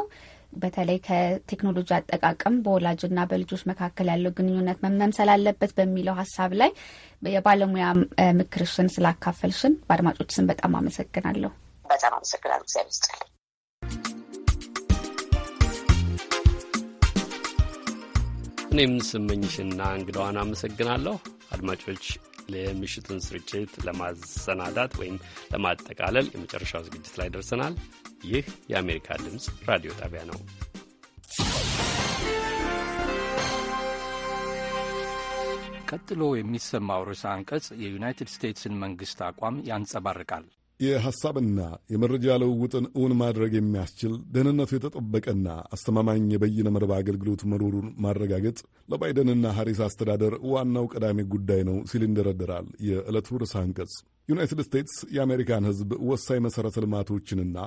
በተለይ ከቴክኖሎጂ አጠቃቀም በወላጅና በልጆች መካከል ያለው ግንኙነት መመምሰል አለበት በሚለው ሀሳብ ላይ የባለሙያ ምክርሽን ስላካፈልሽን በአድማጮች ስም በጣም አመሰግናለሁ። በጣም አመሰግናለሁ። እግዚአብሔር ይስጥልኝ። እኔም ስመኝሽና እንግዳዋን አመሰግናለሁ። አድማጮች የምሽቱን ስርጭት ለማሰናዳት ወይም ለማጠቃለል የመጨረሻው ዝግጅት ላይ ደርሰናል። ይህ የአሜሪካ ድምፅ ራዲዮ ጣቢያ ነው። ቀጥሎ የሚሰማው ርዕሰ አንቀጽ የዩናይትድ ስቴትስን መንግሥት አቋም ያንጸባርቃል። የሐሳብና የመረጃ ልውውጥን እውን ማድረግ የሚያስችል ደህንነቱ የተጠበቀና አስተማማኝ የበይነ መረብ አገልግሎት መኖሩን ማረጋገጥ ለባይደንና ሐሪስ አስተዳደር ዋናው ቀዳሚ ጉዳይ ነው ሲል ይንደረደራል የዕለቱ ርዕሰ አንቀጽ። ዩናይትድ ስቴትስ የአሜሪካን ሕዝብ ወሳኝ መሠረተ ልማቶችንና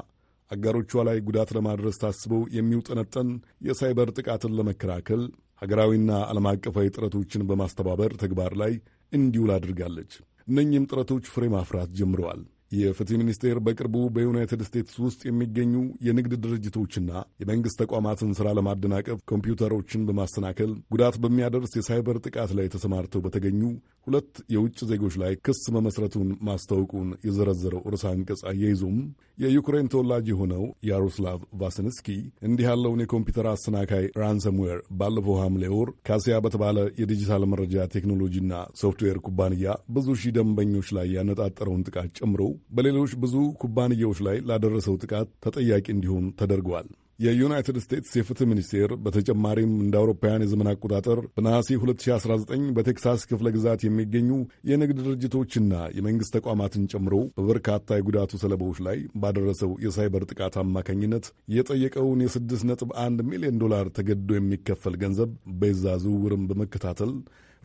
አጋሮቿ ላይ ጉዳት ለማድረስ ታስበው የሚውጠነጠን የሳይበር ጥቃትን ለመከላከል ሀገራዊና ዓለም አቀፋዊ ጥረቶችን በማስተባበር ተግባር ላይ እንዲውል አድርጋለች። እነኚህም ጥረቶች ፍሬ ማፍራት ጀምረዋል። የፍትህ ሚኒስቴር በቅርቡ በዩናይትድ ስቴትስ ውስጥ የሚገኙ የንግድ ድርጅቶችና የመንግሥት ተቋማትን ሥራ ለማደናቀፍ ኮምፒውተሮችን በማሰናከል ጉዳት በሚያደርስ የሳይበር ጥቃት ላይ ተሰማርተው በተገኙ ሁለት የውጭ ዜጎች ላይ ክስ መመስረቱን ማስታወቁን የዘረዘረው ርዕሰ አንቀጽ አያይዞም የዩክሬን ተወላጅ የሆነው ያሮስላቭ ቫስንስኪ እንዲህ ያለውን የኮምፒውተር አሰናካይ ራንሰምዌር ባለፈው ሐምሌ ወር ካሲያ በተባለ የዲጂታል መረጃ ቴክኖሎጂና ሶፍትዌር ኩባንያ ብዙ ሺህ ደንበኞች ላይ ያነጣጠረውን ጥቃት ጨምሮ በሌሎች ብዙ ኩባንያዎች ላይ ላደረሰው ጥቃት ተጠያቂ እንዲሆን ተደርጓል። የዩናይትድ ስቴትስ የፍትህ ሚኒስቴር በተጨማሪም እንደ አውሮፓውያን የዘመን አቆጣጠር በነሐሴ 2019 በቴክሳስ ክፍለ ግዛት የሚገኙ የንግድ ድርጅቶችና የመንግሥት ተቋማትን ጨምሮ በበርካታ የጉዳቱ ሰለባዎች ላይ ባደረሰው የሳይበር ጥቃት አማካኝነት የጠየቀውን የ6.1 ሚሊዮን ዶላር ተገድዶ የሚከፈል ገንዘብ በዛ ዝውውርም በመከታተል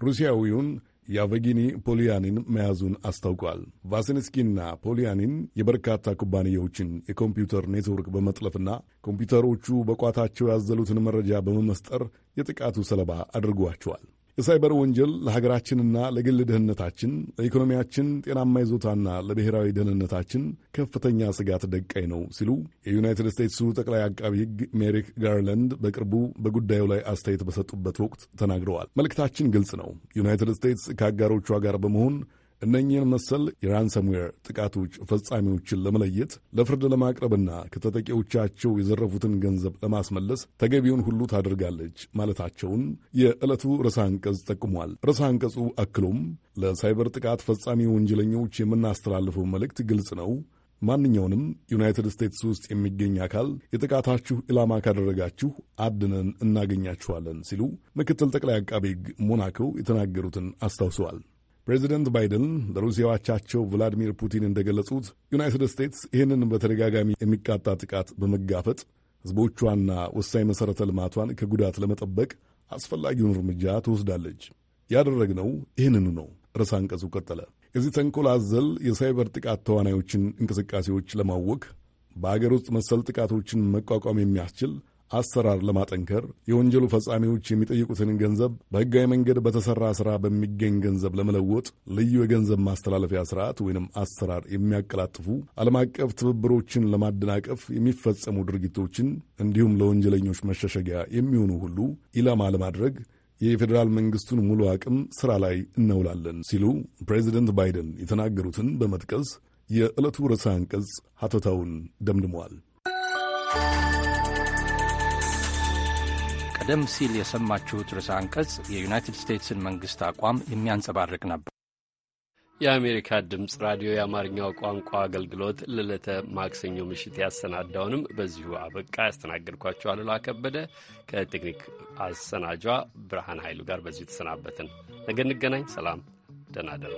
ሩሲያዊውን የአቬጊኒ ፖሊያኒን መያዙን አስታውቋል። ቫሲንስኪና ፖሊያኒን የበርካታ ኩባንያዎችን የኮምፒውተር ኔትወርክ በመጥለፍና ኮምፒውተሮቹ በቋታቸው ያዘሉትን መረጃ በመመስጠር የጥቃቱ ሰለባ አድርጓቸዋል። የሳይበር ወንጀል ለሀገራችንና ለግል ደህንነታችን፣ ለኢኮኖሚያችን ጤናማ ይዞታና ለብሔራዊ ደህንነታችን ከፍተኛ ስጋት ደቃኝ ነው ሲሉ የዩናይትድ ስቴትሱ ጠቅላይ አቃቢ ሕግ ሜሪክ ጋርላንድ በቅርቡ በጉዳዩ ላይ አስተያየት በሰጡበት ወቅት ተናግረዋል። መልእክታችን ግልጽ ነው። ዩናይትድ ስቴትስ ከአጋሮቿ ጋር በመሆን እነኚህን መሰል የራንሰምዌር ጥቃቶች ፈጻሚዎችን ለመለየት ለፍርድ ለማቅረብና ከተጠቂዎቻቸው የዘረፉትን ገንዘብ ለማስመለስ ተገቢውን ሁሉ ታደርጋለች ማለታቸውን የዕለቱ ርዕሰ አንቀጽ ጠቁሟል። ርዕሰ አንቀጹ አክሎም ለሳይበር ጥቃት ፈጻሚ ወንጀለኞች የምናስተላልፈው መልእክት ግልጽ ነው። ማንኛውንም ዩናይትድ ስቴትስ ውስጥ የሚገኝ አካል የጥቃታችሁ ኢላማ ካደረጋችሁ አድነን እናገኛችኋለን ሲሉ ምክትል ጠቅላይ አቃቤ ሕግ ሞናኮ የተናገሩትን አስታውሰዋል። ፕሬዚደንት ባይደን ለሩሲያው አቻቸው ቭላዲሚር ፑቲን እንደገለጹት ዩናይትድ ስቴትስ ይህንን በተደጋጋሚ የሚቃጣ ጥቃት በመጋፈጥ ሕዝቦቿና ወሳኝ መሠረተ ልማቷን ከጉዳት ለመጠበቅ አስፈላጊውን እርምጃ ትወስዳለች። ያደረግነው ይህንኑ ነው። ርዕሰ አንቀጹ ቀጠለ። የዚህ ተንኮል አዘል የሳይበር ጥቃት ተዋናዮችን እንቅስቃሴዎች ለማወክ በአገር ውስጥ መሰል ጥቃቶችን መቋቋም የሚያስችል አሰራር ለማጠንከር የወንጀሉ ፈጻሚዎች የሚጠይቁትን ገንዘብ በሕጋዊ መንገድ በተሰራ ስራ በሚገኝ ገንዘብ ለመለወጥ ልዩ የገንዘብ ማስተላለፊያ ስርዓት ወይንም አሰራር የሚያቀላጥፉ ዓለም አቀፍ ትብብሮችን ለማደናቀፍ የሚፈጸሙ ድርጊቶችን እንዲሁም ለወንጀለኞች መሸሸጊያ የሚሆኑ ሁሉ ኢላማ ለማድረግ የፌዴራል መንግስቱን ሙሉ አቅም ስራ ላይ እናውላለን ሲሉ ፕሬዚደንት ባይደን የተናገሩትን በመጥቀስ የዕለቱ ርዕሰ አንቀጽ ሐተታውን ደምድመዋል። ቀደም ሲል የሰማችሁት ርዕሰ አንቀጽ የዩናይትድ ስቴትስን መንግሥት አቋም የሚያንጸባርቅ ነበር። የአሜሪካ ድምፅ ራዲዮ የአማርኛው ቋንቋ አገልግሎት ለዕለተ ማክሰኞ ምሽት ያሰናዳውንም በዚሁ አበቃ። ያስተናገድኳቸው አሉላ ከበደ ከቴክኒክ አሰናጇ ብርሃን ኃይሉ ጋር በዚሁ ተሰናበትን። ነገ እንገናኝ። ሰላም፣ ደህና እደሩ።